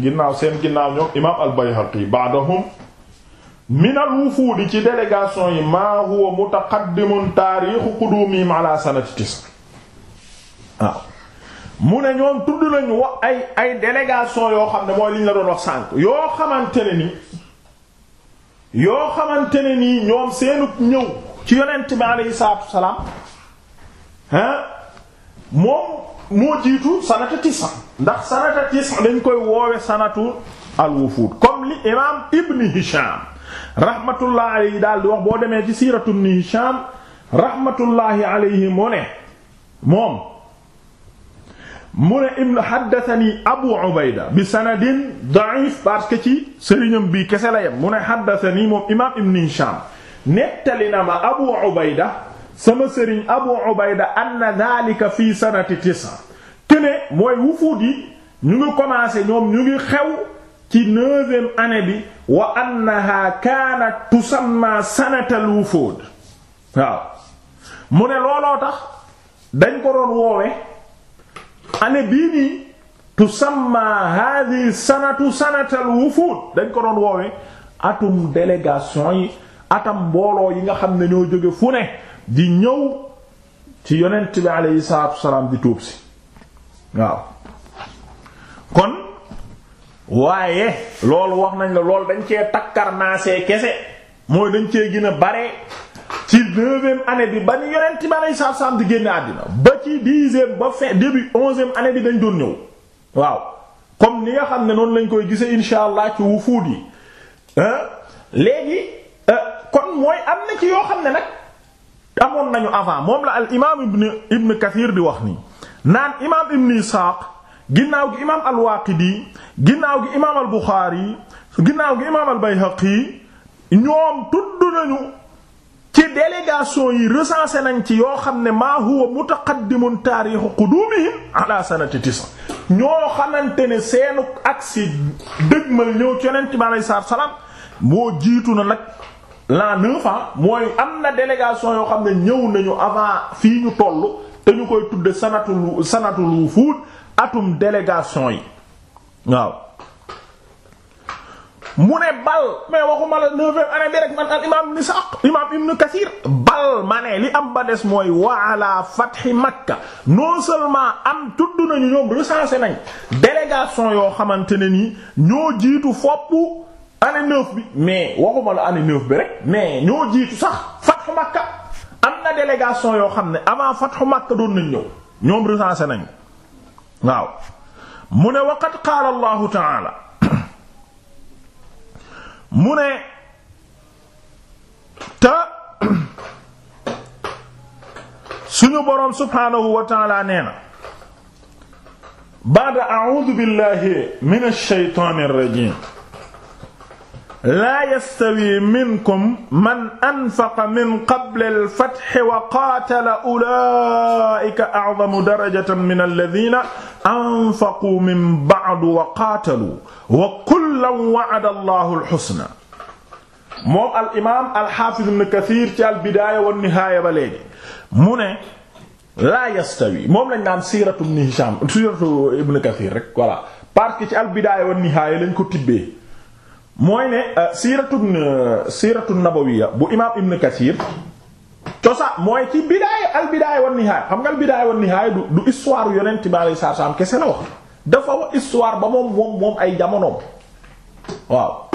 ginnaaw seen ginnaaw ñoom imaam al Bayhaqi ba'dahum min al wufuudi ci délégation yi maa huwa mutaqaddimun taariixu quduumihim ala sanati tis waaw mu ne ñoom tudd nañu wax ay ay délégation yoo xam ne mooy li ñu la doon wax sànk yoo xamante ne ni yoo xamante ne nii ñoom seenu ñëw ci yonent bi aleyhi salaatu salaam hein moom moo jiitu sanata ndax sanata tis'a dañ koy woowe sanatu al wufuud comme li imaam Ibn Hisham rahmatullah aleyhi daal di wax boo demee ci siiratu Ibn Hisham rahmatullahi aleyhi mu ne moom mu ne ibn haddathani abu ubayda bi sanadin da'if parce ci sëriñam bii kese la yem mu ne haddathani moom imaam Ibn Hisham nettali na ma abu ubayda sama sëriñ abu ubayda anna dhalika fii sanati tisa këne mooy wufuut yi ñu ngi commencé ñoom ñu ngi xew ci neuvième année bi wa annaha kaanat tusamma sanatal wufuud waaw mu ne looloo tax dañ ko doon woowe année bii nii tusamma hadhihi sanatu sanatal wufuud dañ ko doon woowe atum délégation yi atam mbooloo yi nga xam ne ñoo jóge fu ne di ñëw ci yonent bi aleyhi salaatu salaam di tuub si waaw kon waaye loolu wax nañ la loolu dañ cee takkar naa takkarnaasee kese mooy dañ cee gën a bare ci neuvième année bi ba ñu yonent bi aleyhi salaatu salaam di génne àddina ba ci dixième ba fin début onzième année bi dañ doon ñëw waaw comme ni nga xam ne noonu lañ koy gisee insha allah ci wufuud yi léegi kon mooy am na ci yoo xam ne nag amoon nañu avant moom la al imaam ibn ibn Kathir di wax nii naan imaam ibn Isaaq ginnaaw gi imaam al-Waaqidi ginnaaw gi imaam al-Buxaari ginnaaw gi imaam al-Bayhaqi ñoom tudd nañu ci délégation yi recensé nañ ci yoo xam ne maa huwa mutaqaddimun taarixu qudumihim ala sanati tis ñoo xamante ne seenu agsi dëgmal ñëw ci yonent bi alayhi salaam moo jiitu na nag l'an neuf mooy am na délégation yoo xam ne ñëw nañu avant fii ñu toll te ñu koy tudd sanatul sanatul wufuud atum délégation yi waaw mu ne bal mais waxuma la neuvième année bi rek man al imam ibn Sa'd imam ibn Kathir bal ma ne li am ba des mooy waala fathi Makka non seulement am tudd nañu ñoom recensé nañ délégation yoo xamante ne nii ñoo jiitu fopp année neuf bi mais waxuma la année neuf bi rek mais ñoo jiitu sax fatxu Makka am na délégation yoo xam ne avant fatxu Makka doon nañ ñëw ñoom recensé nañ waaw mu ne waqad qaala allahu taala mu ne te suñu boroom subhaanahu wa taala nee na ba'da a'uudu billahi minash shaytaanir rajiim laa yastawi minkum man anfaqa min qabli al-fathi wa qaatala ulaa'ika a'zamu darajatan min alladhiina anfaqu min ba'du wa qaatalu wa kullan wa'ada Allahu al-husnaa. moom al-imaam al-haafiz ibn Kathiir ci al-bidaaya wa nihaaya ba léegi mu ne laa yastawi moom lañ naan siiratu ibn Hishaam siiratu ibn Kathiir rek voilà parce que ci al-bidaaya wa nihaaya lañ ko tibbee. mooy ne siiratun euh, siiratun euh, nabawiyya bu imaam Ibn Kathir cosa mooy ci bidaaya al wan nihaaya xam nga al bidaaya wan nihaaya du du histoire yonent bi alayhi salaam kese la wax dafa wax histoire ba moom moom moom ay jamonoom waaw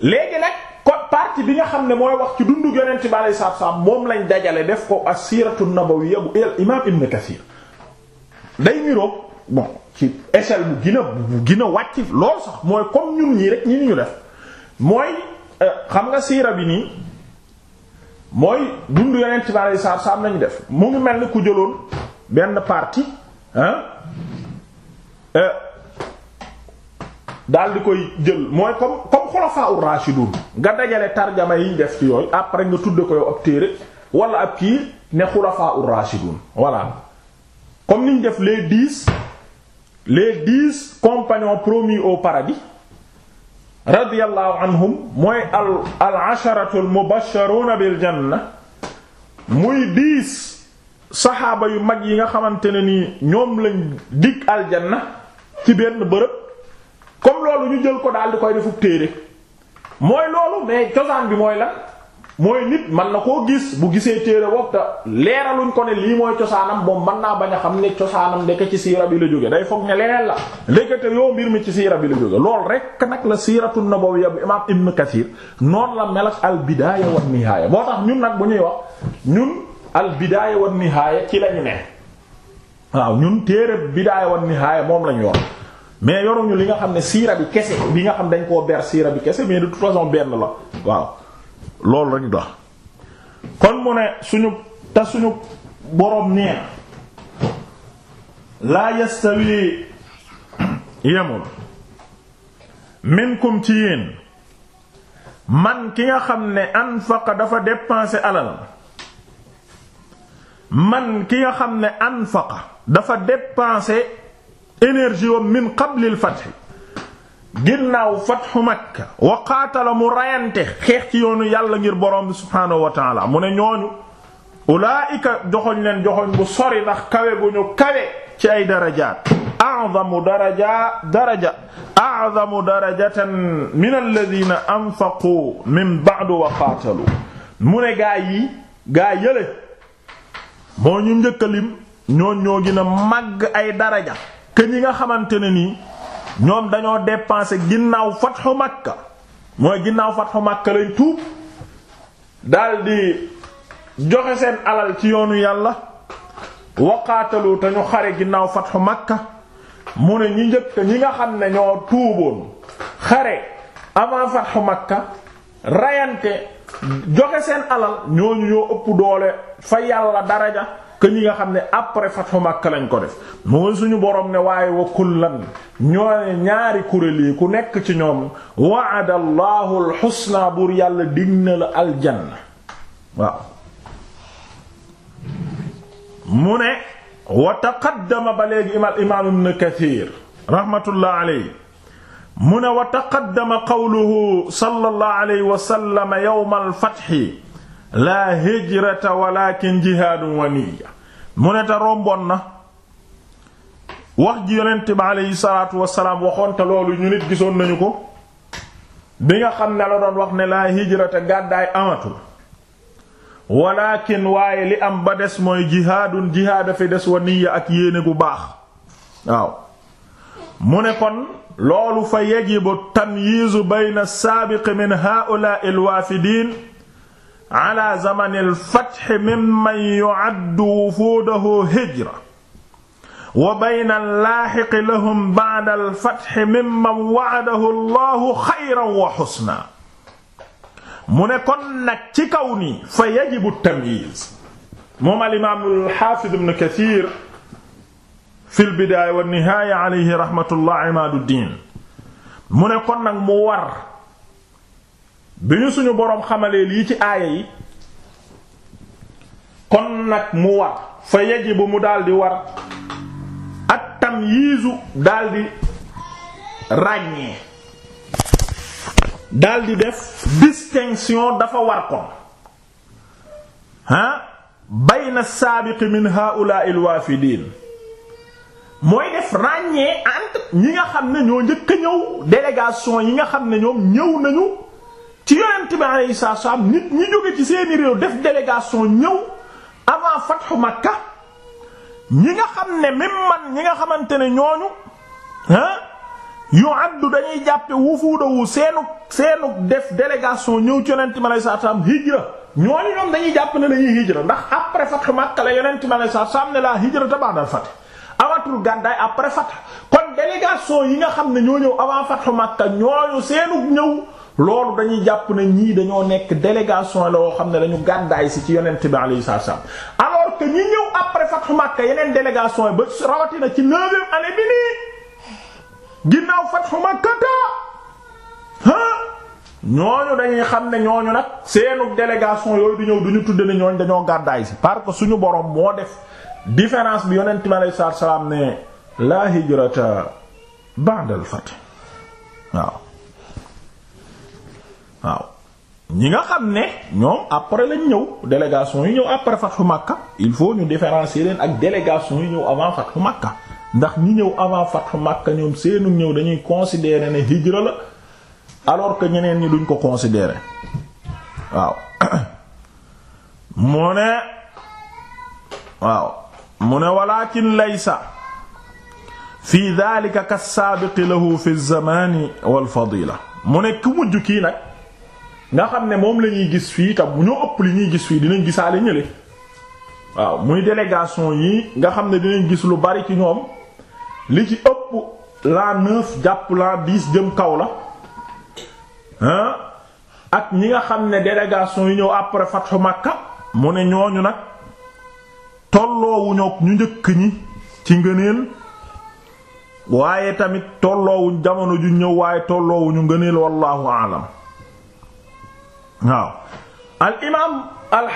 léegi nag ko partie bi nga xam ne mooy wax ci dundu yonent bi alayhi salaam moom lañ dajale def ko as-siiratu nabawiyya bu imaam Ibn Kathir day niroog bon. ci échelle bu gën a bu gën a wàcc lool sax mooy comme ñun ñii rek ñi ni ñu def mooy euh, xam nga siira bi nii mooy dundu yonent bi alayhi salaatu salaam nañu def mu ngi mel ni ku jëloon benn partie hein euh, daal di koy jël mooy comme comme xulafaa ur rashidun nga dajale tarjama yiñ def ci yooyu après nga tudd ko yow téere wala ak kii ne xulafaa ur rashidun voilà comme niñ def les dix les dix compagnons promis au paradis radiyallahu anhum mooy al al asharatu al mubasharuna bil janna muy dix saxaaba yu mag yi nga xamante ne ni ñoom lañ dig aljanna ci benn bërëb comme loolu ñu jël ko daal di koy defub téere mooy loolu mais cosaan bi mooy la mooy nit man na koo gis bu gisee téere boobu te leeraluñ ko ne lii mooy cosaanam moom mën naa bañ a xam ne cosaanam ndeke ci siira bi la jóge day foog ne leneen la ndekete yoo mbir mi ci siira bi la jóge lool rek nag la siiratu nabawiyya bu imaam Ibn Kathir noonu la mel ak al bidaaya wan nihaaya boo tax ñun nag bu ñuy wax ñun al bidaaya wan nihaaya ci lañu ne waaw ñun téere bidaaya wan nihaaya moom lañu yor mais yoruñu li nga xam ne siira bi kese nga xam dañ koo ber bi kese mais de benn la waaw loolu lañu dox kon mu ne suñu te suñu boroom nee na laa yastawi yemul minkum ci yéen man ki nga xam ne anfaqa dafa dépenser alalam man ki nga xam ne anfaqa dafa dépenser énergie wam min qablil fath ginnaaw fatxu makka wa qaatala mu rayante xeex ci yoonu yàlla ngir borom bi subhaanahu mu ne ñooñu ulaayika joxoñ leen joxoñ bu sori ndax kawe bu ñu kawe ci ay darajaat a'zamu daraja daraja a'zamu darajatan min alladhina anfaqu min ba'du wa qaatalu mu ne gaa yi gaa yële moo ñu njëkkalim ñooñ ñoo gën a màgg ay daraja ke nga xamante ne nii ñoom dañoo dépensé ginnaaw fatxu makka mooy ginnaaw fatxu makka lañ tuub daldi joxe seen alal ci yoonu yàlla waqaatalu te ñu xare ginnaaw fatxu makka mu ne ñi njëkk ñi nga xam ne ñoo tuuboon xare avant fatxu makka rayante joxe seen alal ñooñu ñoo ëpp doole fa yàlla dara ja que ñi nga xam ne après fathu Makka lañ ko def mooy suñu boroom ne waaye wa kullan ñoo ñaari kuréel yi ku nekk ci ñoom wa'ada Allahu yàlla dig la aljanna waaw mu ne wa taqaddama ba léegi imaam Ibn Kathir rahmatullah alayhi mu ne wa taqaddama qawluhu sallallahu alayhi wa sallam yawm al laa hijrata walakin jihaadun wa niyya mu ne te romboon na wax ji yonent bi aleyhi salaatu wasalaam waxoon loolu ñu nit gisoon nañu ko bi nga xam ne la doon wax ne laa hijrata gàddaay amatul walakin waaye li am ba des mooy jihaadun jihaada fi des wa niyya ak yéene bu baax waaw mu ne kon loolu fa yajibu tamyiizu bayna saabiqi min haa'ulaa'i al waafidiin ala zamani alfatx mimman yu'addu wufuudahu hijra wa bayna allaaxiqi lahum ba'da alfatx mimman wa'adahu allahu xayran wa xusna mu ne kon nag ci kaw nii fa yajibu tamyiz moom alimaam alxaafid ibn kasiir fi albidaaya wa nihaaya alayhi raxmatullah imaadu diin mu ne kon nag mu war bi ñu suñu boroom xamalee lii ci aaya yi kon nag mu war fa yajibu mu daldi war ak tam tamyiizu daldi ràññee daldi def distinction dafa war kon ah bayna saabiqi min haula'i alwaafidiin mooy def ràññee entre ñi nga xam ne ñoo njëkk a ñëw délégation yi nga xam ne ñoom ñëw nañu ci yonent bi alayhi salaam nit ñi jóge ci seeni réew def délégation ñëw avant fathu Makka ñi nga xam ne même man ñi nga xamante ne ñooñu ah yu addu dañuy jàppe wufuudawu seenu seenu def délégation ñëw ci yonent bi alayhi salaam hijra ñooñu ñoom dañuy jàpp ne dañuy hijra ndax après fathu Makka la yonent bi alayhi salaam ne la hijra ta ba'dal fath amatul gàddaay après fat kon délégation yi nga xam ne ñoo ñëw avant fathu Makka ñooñu seenu ñëw. loolu dañuy jàpp na ñii dañoo nekk délégation la woo xam ne dañu gàddaay si ci yonent bi alayhi salaam alors que ñi ñëw après fathu Makka yeneen délégation yi ba rawatina ci neuvième année bi nii ginnaaw fathu Makka ta ñooñu dañuy xam ne ñooñu nag seenu délégation yooyu di ñëw du ñu tudde ne ñooñu dañoo gàddaay si parce suñu borom moo def différence bi yonent bi alayhi salaam ne la hijrata ba'da waaw. waaw ñi nga xam ne ñoom après lañ ñëw délégation yu ñëw après fatxu Makka il faut ñu différencier leen ak délégation yi ñëw avant fatxu Makka ndax ñu ñëw avant fatxu Makka ñoom seenu ñëw dañuy considérer ne hijra la alors que ñeneen ñi duñ ko considérer waaw mu ne waaw mu ne walakin laysa fi dhalika kas-sabiqi lahu fi az-zamani wal fadila mu ne ku mujj kii nag nga xam ne moom lañuy gis fii te bu ñoo ëpp li ñuy gis fii dinañ gisaale ñële waaw muy délégation yi nga xam ne dinañ gis lu bari ci ñoom li ci ëpp l'an neuf jàpp l'an kaw la ak ñi nga xam ne délégation yi ñëw après fathu Makka mu ne ñooñu nag tolloowuñook ñu njëkk ñi ci ngëneel waaye tamit tolloowuñ jamono ju ñëw waaye tolloowuñu ngëneel wallahu alam waaw al imaam al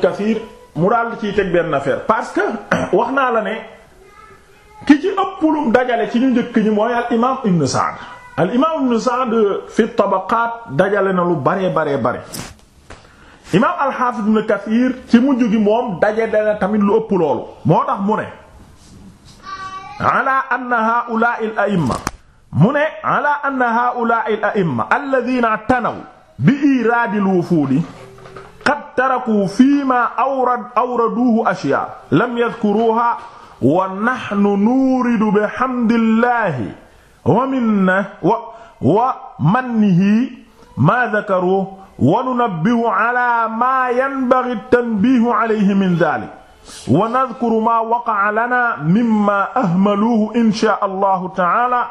Kathir mu daal ci ciy teg benn affaire parce que wax naa la ne ki ci ëpp lum dajale ci ñu njëkk ñi mooy al imaam ibn Sa'd al imaam fi tabaqaat dajale na lu baree baree bare imaam al xaafiz Kathir ci mujj gi moom dajale na tamit lu ëpp loolu moo tax mu ne ala anna haa'ulaa'i al mu ne ala anna haa'ulaa'i al a'imma alladhiina bi iraadil wufuudi qad taraku fii ma awrad awraduuhu ashyaa lam yadkuruuha wa nahnu nuuridu bi hamdillaahi wa minna wa wa mannihi maa dakaru wa nunabbihu ala maa yanbaghi tanbiihu alayhi min daalik wa nadkuru maa waqa'a lanaa mimmaa ahmaluuhu inshaa allahu ta'aala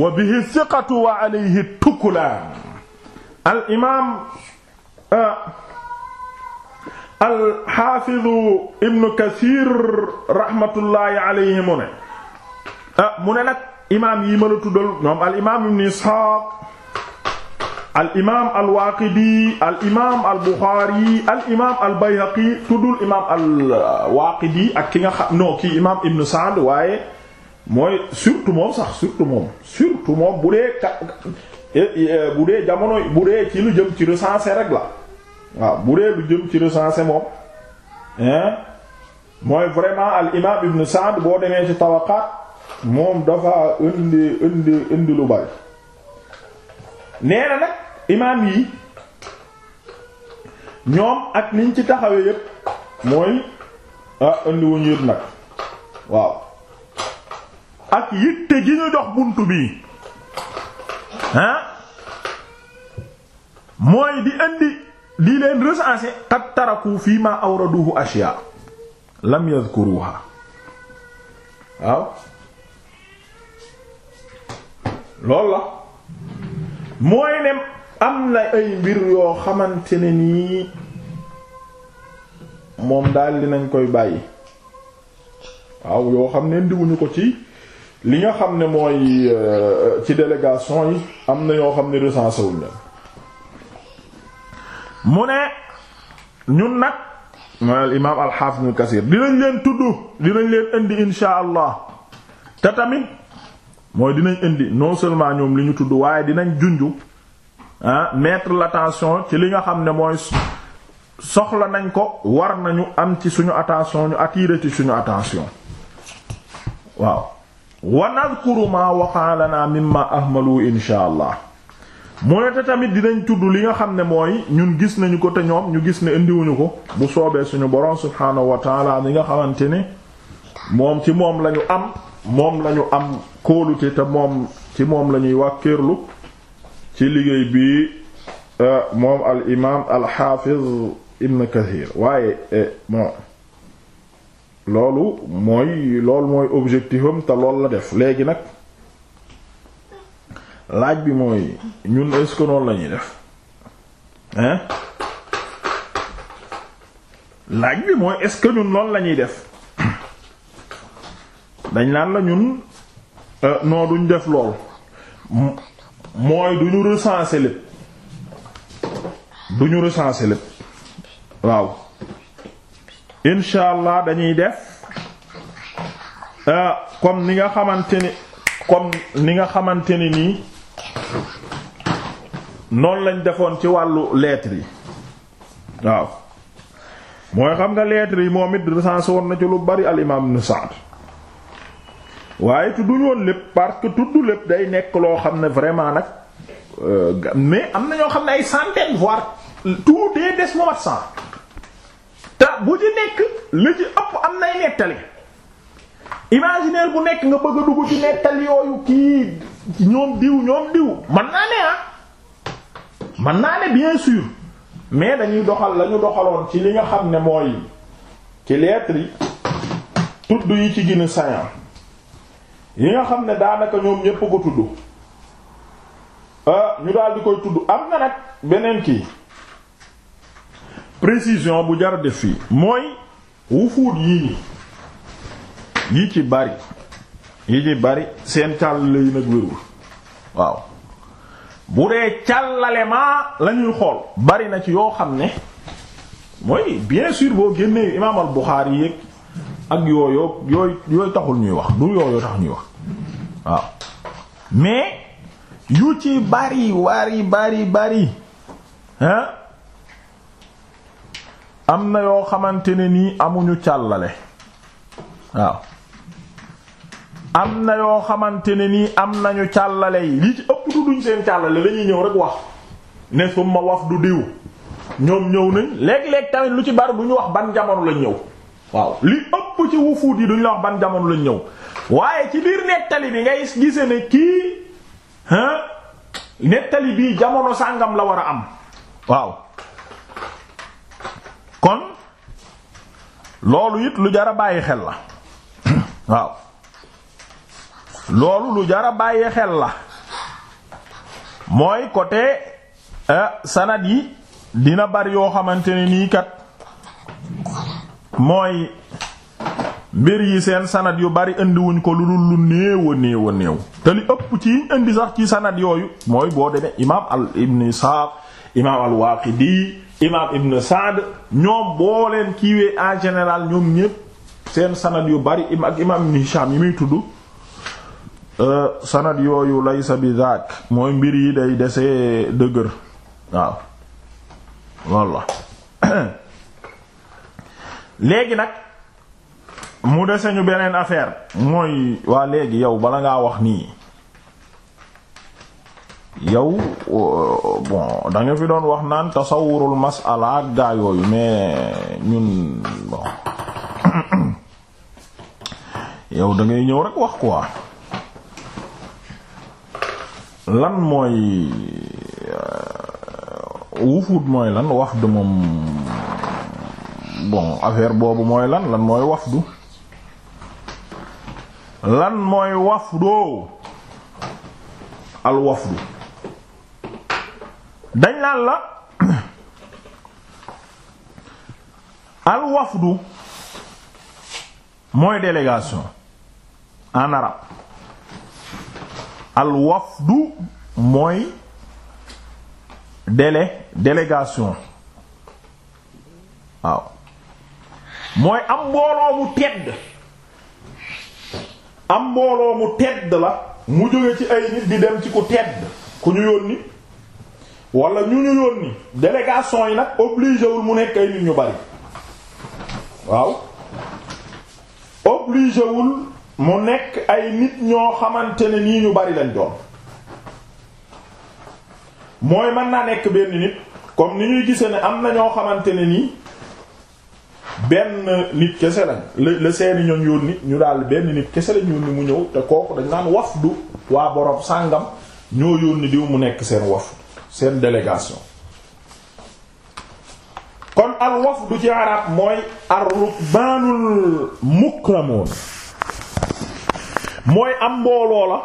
wa bihi thiqatu wa alayhi tukulaan al imaam euh, al xaafidu ibnu Kathir rahmatullahi alayhi mu ne euh, mu ne nag imaam yi ma la tuddal ñoom al imaam ibnu Isxaaq al imaam al Waaqidi al imaam al Buxaari al imaam al Bayhaqi tuddul imaam al Waaqidi ak ki nga xam non kii imaam ibnu Saad waaye mooy surtout moom sax surtout moom surtout moom bu dee Euh, bu dee jamono bu dee ci lu jëm ci recensé rek la waaw bu dee lu jëm ci recensé moom mooy vraiment al imam ibn Sa'd boo demee ci Tabaqaat moom dafa indi indi indi lu bari nee na nag imaam yi ñoom ak niñ ci taxawee yépp mooy ah indi wuñu yépp nag waaw ak yitte gi ñu jox buntu bii ah mooy di indi di leen recenser qad taraku fii ma awraduhu ashyaa lam yadhkuruha waaw loolu la mooy ne am na ay mbir yoo xamante ne moom daal dinañ koy bàyyi waaw yoo xam ne ndiwuñu ko ci li nga xam ne mooy euh, ci délégation yi am na yoo xam ne recensé wuñ leen mu ne ñun nag mooy al imaam al xaafis ibn Kasiir dinañ leen tudd dinañ leen indi insha allah te tamit mooy dinañ indi non seulement ñoom li ñu tudd waaye dinañ junju ah mettre l'attention ci li nga xam ne mooy soxla nañ ko war nañu am ci suñu attention ñu attirer ci suñu attention waaw wa nadkuru ma waqa lana mimma ahmalu insha allah mu ne te tamit dinañ tudd li nga xam ne mooy ñun gis nañu ko te ñoom ñu gis ne indiwuñu ko bu soobee suñu borom subhaanahu wa taala li nga xamante ne moom ci moom lañu am moom lañu am kóolute te moom ci moom lañuy wàkkiirlu ci liggéey bi eh, moom al imaam al xaafiz ibn kathir waaye eh, bon loolu mooy loolu mooy objectifam te loolu la def léegi nag laaj bi mooy ñun est-ce lañuy def hein laaj bi mooy est-ce que ñun noonu la ñuy def dañ naan la ñun euh, non duñ def lool mooy duñu recenser lépp duñu recenser lépp waaw. incha allah dañuy def euh, comme ni nga xamante ni comme ni nga xamante ni nii noonu lañ defoon ci wàllu lettre yi waaw mooy xam nga lettre yi moom it recensé woon na ci lu bari al imam ibn Sa'd waaye tudduñ woon lépp parce que tudd lépp day nekk loo xam ne vraiment nag euh, mais am na ñoo xam ne ay centaines voire tout des des mois cent te bu ci nekk la ci ëpp am nay nettali imaginaire bu nekk nga bëgg a dugg ci nettali yooyu kii ñoom diw ñoom diw man naa ne ah man naa ne bien sûr mais dañuy doxal la doxaloon ci li nga xam ne mooy ci lettre yi tudd yi ci gën a yi nga xam ne daanaka ñoom ñépp ko tudd ah ñu daal di koy tudd am na nag beneen kii précision bu jar def fii mooy wufuut yii yi ci bari yi ci bari seen càllale yi nag wérul waaw bu dee càllale ma la ñuy xool bari na ci yoo xam ne mooy bien sûr boo génnee imaam al Buxaari ak yooyo yooyu yooyu taxul ñuy wax du yooyu tax ñuy wax waaw mais yu ci bari wari bari bari hein am na yoo xamante ne nii amuñu càllale waaw am na yoo xamante ne nii am nañu càllale yi lii ci ëpp du duñ seen càllale lañuy ñëw rek wax ne suma wax du diw ñoom ñëw nañ léeg-léeg tamit lu ci bari du ñu wax ban jamono lañ ñëw waaw li ëpp ci wufuut yi duñ la wax ban jamono lañ ñëw waaye ci biir nettali bi ngay gise ne kii hein nettali bii jamono sàngam la war a am waaw kon loolu it lu jara bàyyi xel la waaw loolu lu jara bàyyi xel la mooy côté eh, sanad yi dina bari yoo xamante ne nii kat mooy mbir yi seen sanad yu bari indiwuñ ko lu dul lu néew a néew a ëpp ci yiñ indi sax ci sanad yooyu mooy boo demee imaam al ibn Isaaq imaam al Waaqidi imaam Ibn Saad ñoom boo leen kiiwee en général ñoom ñépp seen sanad yu bari ak imaam Ibn yi muy tudd euh, sanad yooyu lay sa zaak mooy mbir yi day desee dëgër waaw walla léegi nag mu dese ñu beneen affaire mooy waa léegi yow bala ngaa wax nii yow euh, bon danga fi doon wax naan tasawurul masala ak gaa yooyu mais ñun bon yow dangay ñëw rek wax quoi lan mooy euh, wufuut mooy lan wafdu moom bon affaire boobu mooy lan lan mooy wafdu lan mooy wafdu al wafdu dañ naan la al wafdu mooy délégation en arabe al wafdu mooy délé délégation waaw mooy am mbooloo mu tedd am mbooloo mu tedd la mu jóge ci ay nit di dem ci ku tedd ku ñu yónni wala ñu ñu yónni délégation yi nag obligé wul mu nekk ay nit ñu bari waaw obligé wul mu nekk ay nit ñoo xamante ne nii ñu bari leen doon mooy mën naa nekk benn nit comme ni ñuy gisee ne am na ñoo xamante ne nii benn nit kese lañ le seeni ñoom yónni ñu daal benn nit kese lañ yónni mu ñëw te kooku dañ naan du waa borom sàngam ñoo yónni diw mu nekk seen wafdu seen délégation kon al wafdu ci arab mooy ar-rukbaanul mukramuun mooy am mbooloo la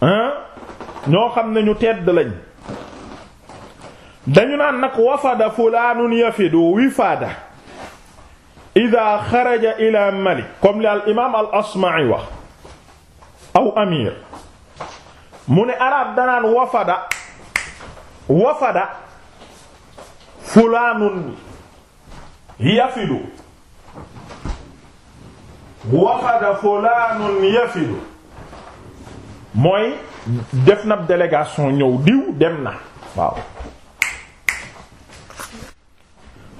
hein ñoo xam ne ñu tedd lañ dañu naan nag wafada fulaanun yafidu wifaada ida xaraja ila malik comme li al imaam al asma'i aw amir mu ne arab danaan wafada wafada fulaanun yafidu mooy def na délégation ñëw diw dem na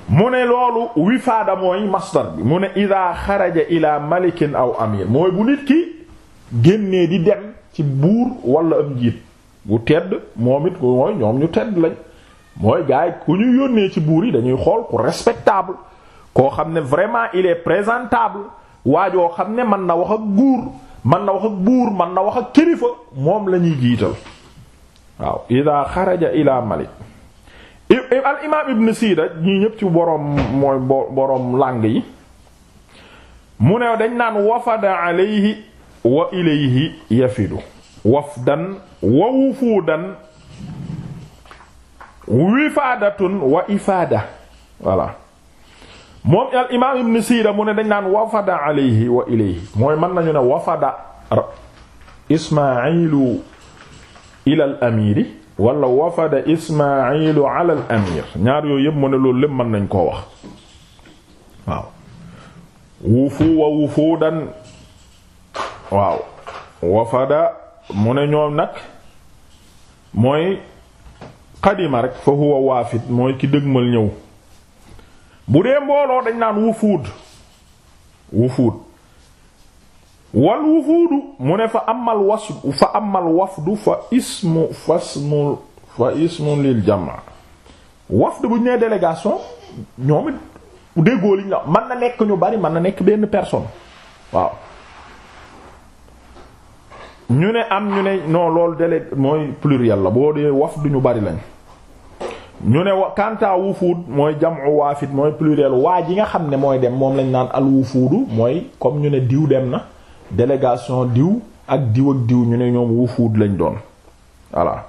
mu ne loolu wifaada mooy masdar bi mu ne ida xaraja ila malikin aw amir mooy bu nit ki génnee di dem ci buur wala am njiit bu tedd moom it mooy ñoom ñu tedd lañ mooy gaay ku ñu yónnee ci buur yi dañuy xool ku respectable koo xam ne vraiment il présentable waa joo xam ne man na wax ak guur wax buur man na wax ak kilifa moom la ñuy jiital waaw ida xaraja ila malik al imam ibn sida ñii ñëpp ci boroom mooy boroom langue yi mu ne dañ naan wafada alayhi wa ilayhi yafidu wafdan wa wufuudan wifaadatun wa ifaada voilà moom al imaam ibn siida mu ne dañ naan wafada alayhi wa nañu ne wafada ismailu ila al amiri wala wafada ismailu ala al amir ñaar yooyu yëpp mu ne loolu lépp mën nañ koo wax wa wufuudan waaw wafada mu ne ñoom nag mooy xadima rek fa huwa waafid mooy ki dëgmal ñëw bu dee mbooloo dañ naan wufuud wufuud wal wufuudu mu ne fa amal was fa amal wafdu fa ismu fasmul fa ismu lil jamaa wafdu bu ñu nee délégation ñoom déggoo liñ la mën na nekk ñu bari mën na nekk benn personne waaw ñu ne am ñu ne non loolu délai mooy pluriel la boo dee waf du bari lañ ñu ne kanta wufuud mooy jam'u waafid mooy pluriel waa ji nga xam ne mooy dem moom lañ naan al wufuudu mooy comme ñu ne diw dem na délégation diw ak diw ak diw ñu ne ñoom wufuud lañ doon voilà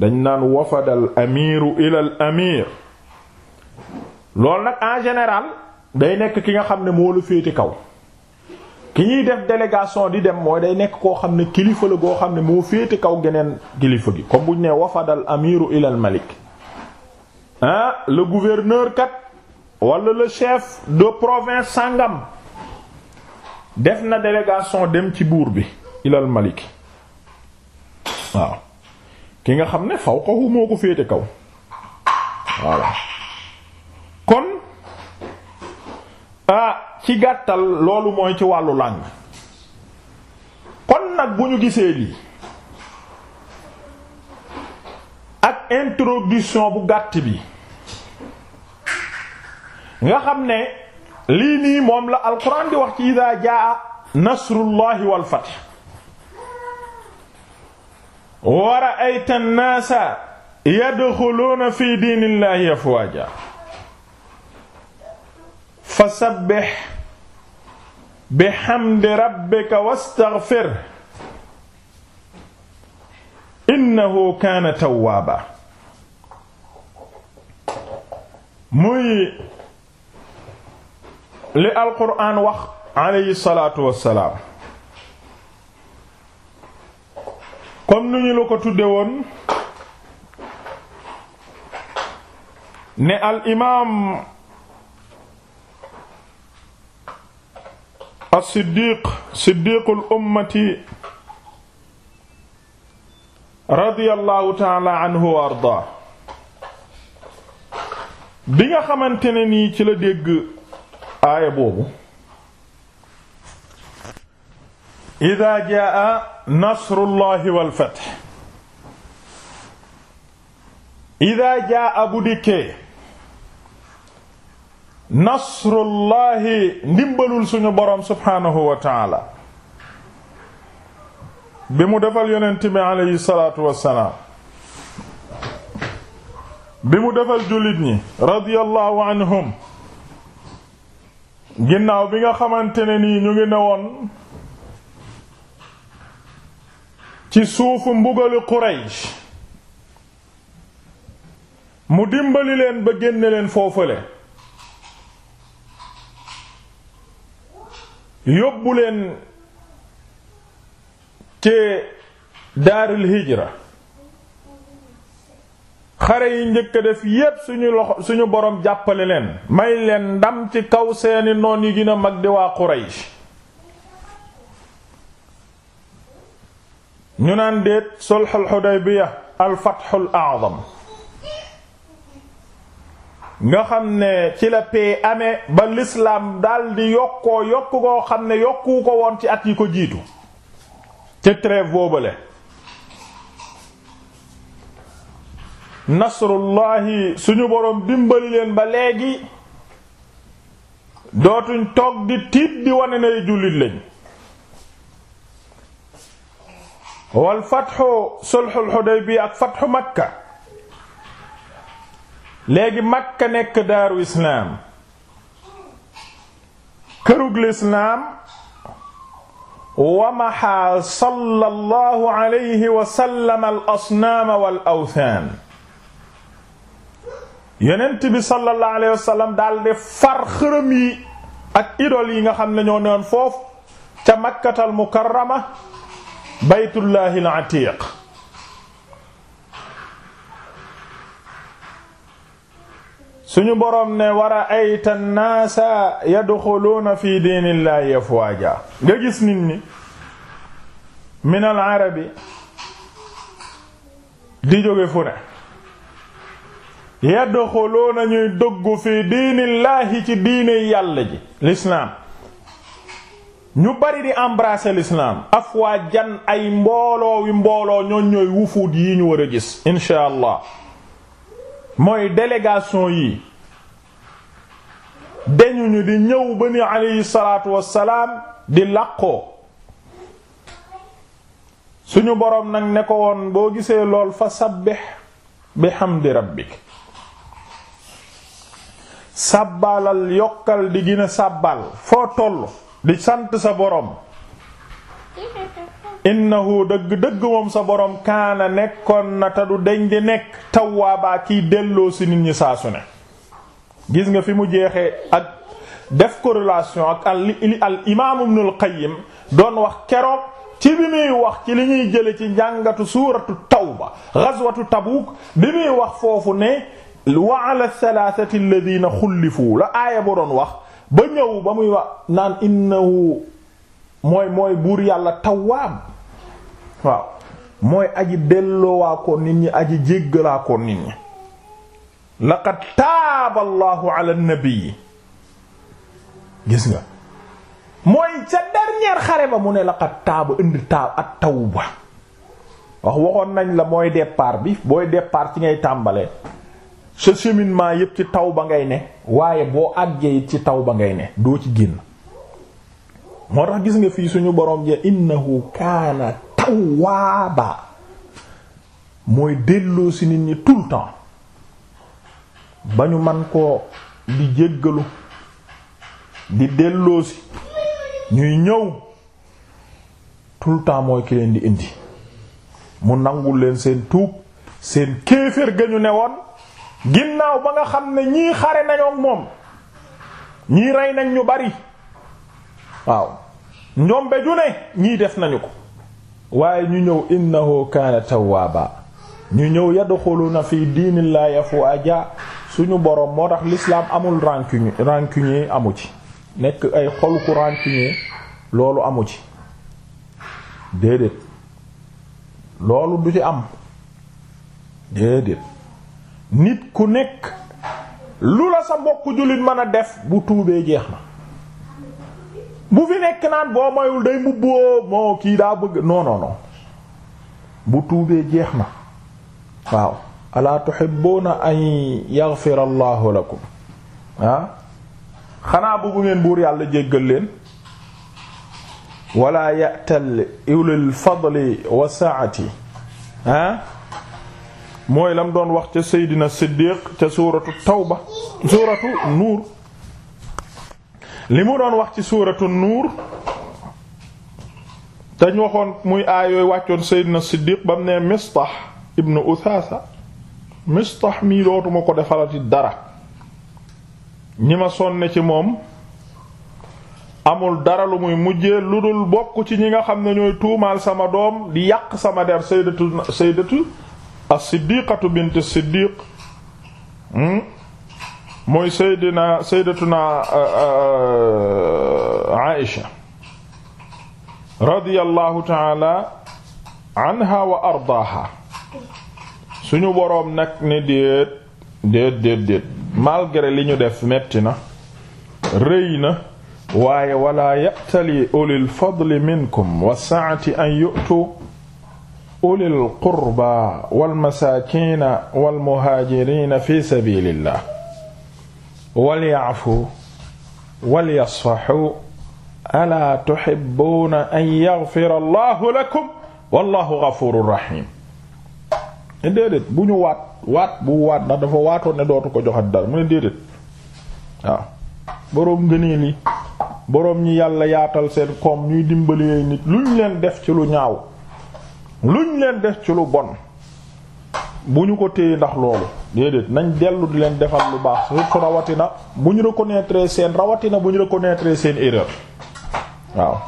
dañ naan wafadal amiru ilal amir loolu nag en général day nekk ki nga xam ne moo la féete kaw ki ñuy def délégation di dem mooy day nekk koo xam ne kilifa la goo xam ne moo féete kaw geneen kilifa gi ko buñ ne wafadal amiru ilal malik ah le gouverneur kat wala le chef de province sangam def na délégation dem ci buur bi ilal malik waaw ki nga xam ne faw ko moo ko féete kaw voilà ci gàttal loolu ci wàllu langue kon nag bu ñu gisee lii ak introduction bu gàtt bi nga xam ne lii nii moom la alxuraan di wax ci idaa jaa nasrullahi wal fath wa ra'ayta an-naasa yadxuluuna fi diinillahi afwaaja fa sabbih bihamdi rabbika wastaghfir innahu kaana tawwaaba muy li alquraan wax alayhi salaatu wassalaam comme nu ñu tudde woon ne al imaam as-siddiq siddiqul ummati radiyallahu taala anhu wa ardaa bi nga xamante ne nii ci la dégg aaya boobu idaa jaa nasrullahi wal fath idaa jaa bu dikkee nasrullahi ndimbalul suñu boroom subhaanahu wa taala bi mu defal yonent bi aleyhi salaatu wassalaam bi mu defal jullit ñi radiyallahu anhum ginnaaw bi nga xamante ne nii ñu ngi ne woon ci suufu mbugalu Quraysh mu dimbali leen ba génne leen foofale yóbbu leen ci daarul hijra xare yi njëkk def yépp suñu boroom jàppale leen may leen ndam ci kaw seeni noon yi gën a mag di waa Quraysh ñu naan déet sulhul Hudaybiya al fathul a'zam nga xam ne ci la paix amee ba lislaam daldi di yokkoo yokk koo xam ne yokku ko woon ci at yi ko jiitu ca trêve boobale nasrullahi suñu boroom dimbali leen ba leegi dootuñ toog di tiit di wane nay jullit lañ wal fatxu sulxul xudaybiya ak fatxu matka léegi Makka nekk daaru islaam kërug lislaam wa mahaa sallallahu alayhi wa sallam al asnaama wal awthaan yonent bi sallallahu alayhi wa daal di far xërëm yi ak idol yi nga xam ne ñoo newoon foofu ca Makkatal Mukarrama baytullahi al suñu boroom ne wara ayta naasa yadxuluuna fi diinillaahi afwaaja nga gis nit ñi min al arabi di jóge fu ne yadxuluuna ñuy dugg fi diinillaahi ci diine yàlla ji l'islam ñu bari di embrasser l'islam afwaajan ay mbooloo wi mbooloo ñooñ ñooy wufuut yi ñu war a gis insha allah mooy délégation yi dañuñu di ñëw ba ni aleyhi salaatu wassalaam di làqoo suñu boroom nag ne ko woon boo gisee lool fa bi sabbih bihamdi rabbik sàbbaalal yokkal di gën a sàbbaal foo toll di sant sa boroom innahu dëgg-dëgg moom sa boroom kaana nekkoon na te du deñ di nekk tawwaabaa kiy delloo si nit ñi saa ne gis nga fi mu jeexee ak def corrélation ak al li al doon wax keroog ci bi muy wax ci li ñuy jële ci njàngatu suuratu tawba ghazwatu Tabuk bi muy wax foofu ne wa ala thalathati alladhina xullifu la aaya ba doon wax ba ñëw ba muy wax naan innahu mooy mooy buur yàlla tawwaab waaw mooy aji delloowaakoon nit ñi aji jéggalaakoon nit ñi laqad taaba allahu ala nabii gis nga mooy sa dernier xare ba mu ne laqad taaba indi taab ak tawba wax waxoon nañ la mooy départ bi booy départ ci ngay tàmbalee sa cheminement yépp ci taw ba ngay ne waaye boo àggee it ci taw ba ngay ne doo ci génn moo tax gis nga fii suñu borom ja innahu kaana waa ba mooy delloo si nit ñi tout le temps ba ñu man koo di jéggalu di delloo si ñuy ñëw tout le temps mooy ki leen di indi mu nangu leen seen tuub seen kéefër ga ñu ne woon ginnaaw ba nga xam ne ñii xare nañoo moom ñii rey nañ ñu bari waaw ñoom be ju ne ñii def nañu ko waaye ñu ñëw innahu kaana tawwaaba ñu ñëw na fi diinillaahi afwaaja suñu boroom moo tax l'islam amul rancune rancunier amu ci nekk ay xol ku rancunier loolu amu ci déedéet loolu du ci am déedéet nit ku nekk lu la sa mbokk jullit mën a def bu tuubee jeex na bu fi nekk naan boo mayul day mbubboo moo kii daa bëgg non non bu tuubee jeex na waaw alaa tuhibbuuna an yaghfira allahu lakum ah xanaa bëggu ngeen buur yàlla jéggal leen wala ya'tal ulul fadli wa sa'ati ah mooy lam doon wax ca seydina siddiq ca suuratu tawba suuratu nuur li mu doon wax ci suuratu nuur dañ waxoon muy aayooy wàccoon Seydina Siddiq ba mu ne Mistah ibnu Uthaasa Mistah mii dootuma ko defalati dara ñi ma sonne ci moom amul dara lu muy mujje lu dul bokk ci ñi nga xam ne ñooy tuumaal sama doom di yàq sama der Sayyidatu Sayyidatu as-Siddiqatu bint Siddiq hmm? mooy saydina saydatuna Aïcha radiyallahu taala anha wa ardaaha suñu boroom nag ne déet déet déet déet malgré li ñu def metti na rëy na waaye wala ya'tali ulil fadli minkum was-sa'ati an yu'tu ulil qurba wal masaakiina wal muhaajiriina fi sabiilillah walyaafu walyasfaxu alaa tuxibbuuna an yagfira allahu lakum wallahu gafuurun raxiim déedéet bu ñu waat waat bu waat ndax dafa waatoon ne dootu ko joxat dara mu ne déedéet waaw boroom ngëneel yi boroom ñi yàlla yaatal seen koom ñuy dimbali yooyu nit luñ leen def ci lu ñaaw luñ leen def ci lu bon bu ñu ko téyee ndax loolu déedéet nañ dellu di leen defal lu baax surtout rawatina bu ñu reconnaître seen rawatina bu ñu la reconnaître seen erreur waaw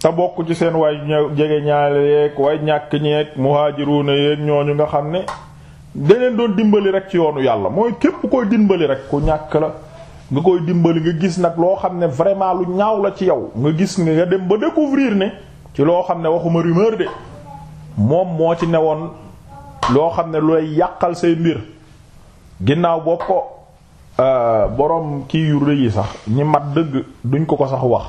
te bokk ci seen waay jege ñaale yeeg way ñàkk ñeeg muhaajiruuna yeeg ñooñu nga xam ne daneen doon dimbali rek ci yoonu yàlla mooy képp koy dimbali rek ku ñàkk la nga koy dimbali nga gis nag loo xam ne vraiment lu ñaaw la ci yow nga gis nga dem ba découvrir ne ci loo xam ne waxuma rumeur de moom moo ci newoon loo xam ne looy yàqal say mbir ginnaaw boo ko euh, boroom kii yu rëy yi sax ñi mat dëgg duñ ko ko sax wax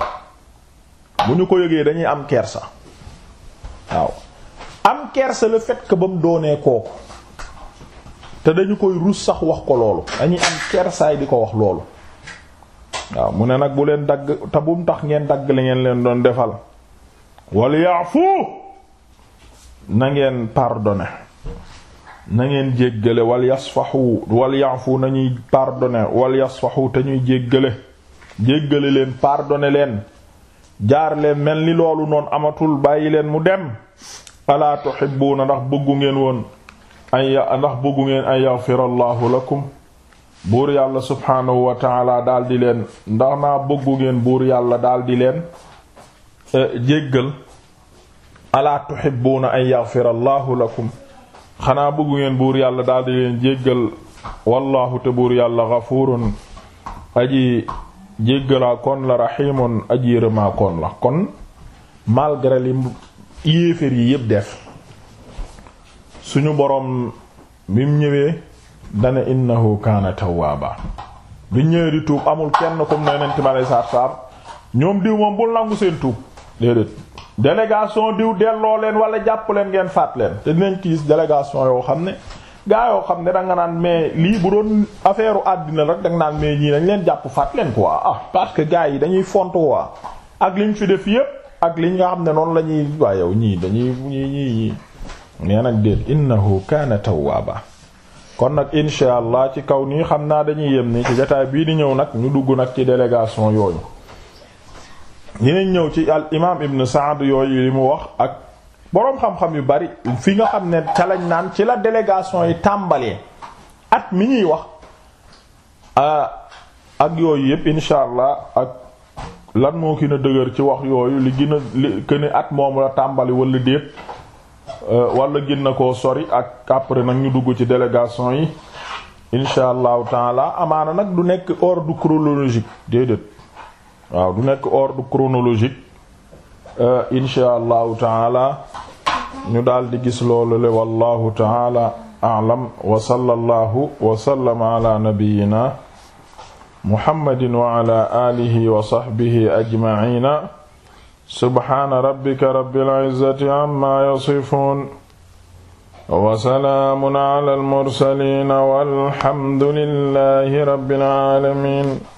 bu ñu ko yëgee dañuy am kersa waaw am kersa le fait que ba mu doonee kooku te dañu koy rus sax wax ko loolu dañuy am kersaay di ko wax loolu waaw mu ne nag bu leen dagg te bu mu tax ngeen dagg la ngeen leen doon defal wal ya'fu na ngeen pardonner nangeen ngeen jéggale wal yasfaxu wal yaafu nañuy pardonner wal yasfaxu te ñuy jéggale jéggale leen pardonner leen jaar leen mel ni loolu noon amatul bàyyi leen mu dem alaa tuhibbuuna ndax bëggu ngeen woon ay ndax bëggu ngeen ay yaghfira allahu lakum buur yàlla subhaanahu wa daldi leen ndax naa bëggu ngeen buur yàlla daldi leen eh, jéggal alaa tuhibbuuna ay yaghfira allahu lakum xanaa bëggu ngeen buur yàlla daldi leen jéggal wallaahu te buur yàlla gafuurun aji jéggalaa kon la raximun aji yërëmaa kon la kon malgré li yéeféer yi yépp def suñu boroom bi mu ñëwee dana innahu kaana tawwaaba bi ñëwee di tuub amul kenn comme ne nenti saar saar ñoom diw moom bul nangu seen tuub déedéet délégation diw delloo leen wala jàpp leen ngeen faat leen te dinañ ci yoo xam ne gaa yoo xam ne da nga naan mais lii bu doon affaire àddina rek da nga naan mais ñii dañ leen jàpp faat leen quoi ah parce que gars yi dañuy font quoi ak liñ fi def yëpp ak liñ nga xam ne noonu la ñuy waa yow ñii dañuy ñii ñii ñii mais nag déet innahu kaana tawwaaba kon nag insha ci kaw nii xam naa dañuy yem ni ci jotaay bii di ñëw nag ñu dugg nag ci délégation yooyu ñeneen ñëw ci al imaam ibn Saad yooyu li mu wax ak boroom xam-xam yu bari fi nga xam ne ca naan ci la délégation yi tàmbalee at mi ñuy wax ak yooyu yëpp insha allah ak lan moo gën a dëgër ci wax yooyu li gën a li këni at moomu la tàmbali wala déet walla gën na koo sori ak après nag ñu dugg ci délégation yi insha allahu taala amaana nag du nekk ordre chronologique déedéet. waaw du nekk ordre chronologique euh, insha allahu taala ñu daal di gis loolu le wallahu taala a'lam wa sallallahu wa sallama ala nabiyyina muhammadin wa ala alihi wa sahbihi ajma'ina subhana rabbika rabbil izzati amma yasifun wa salaamun ala al mursalin walhamdulillahi rabbil alamin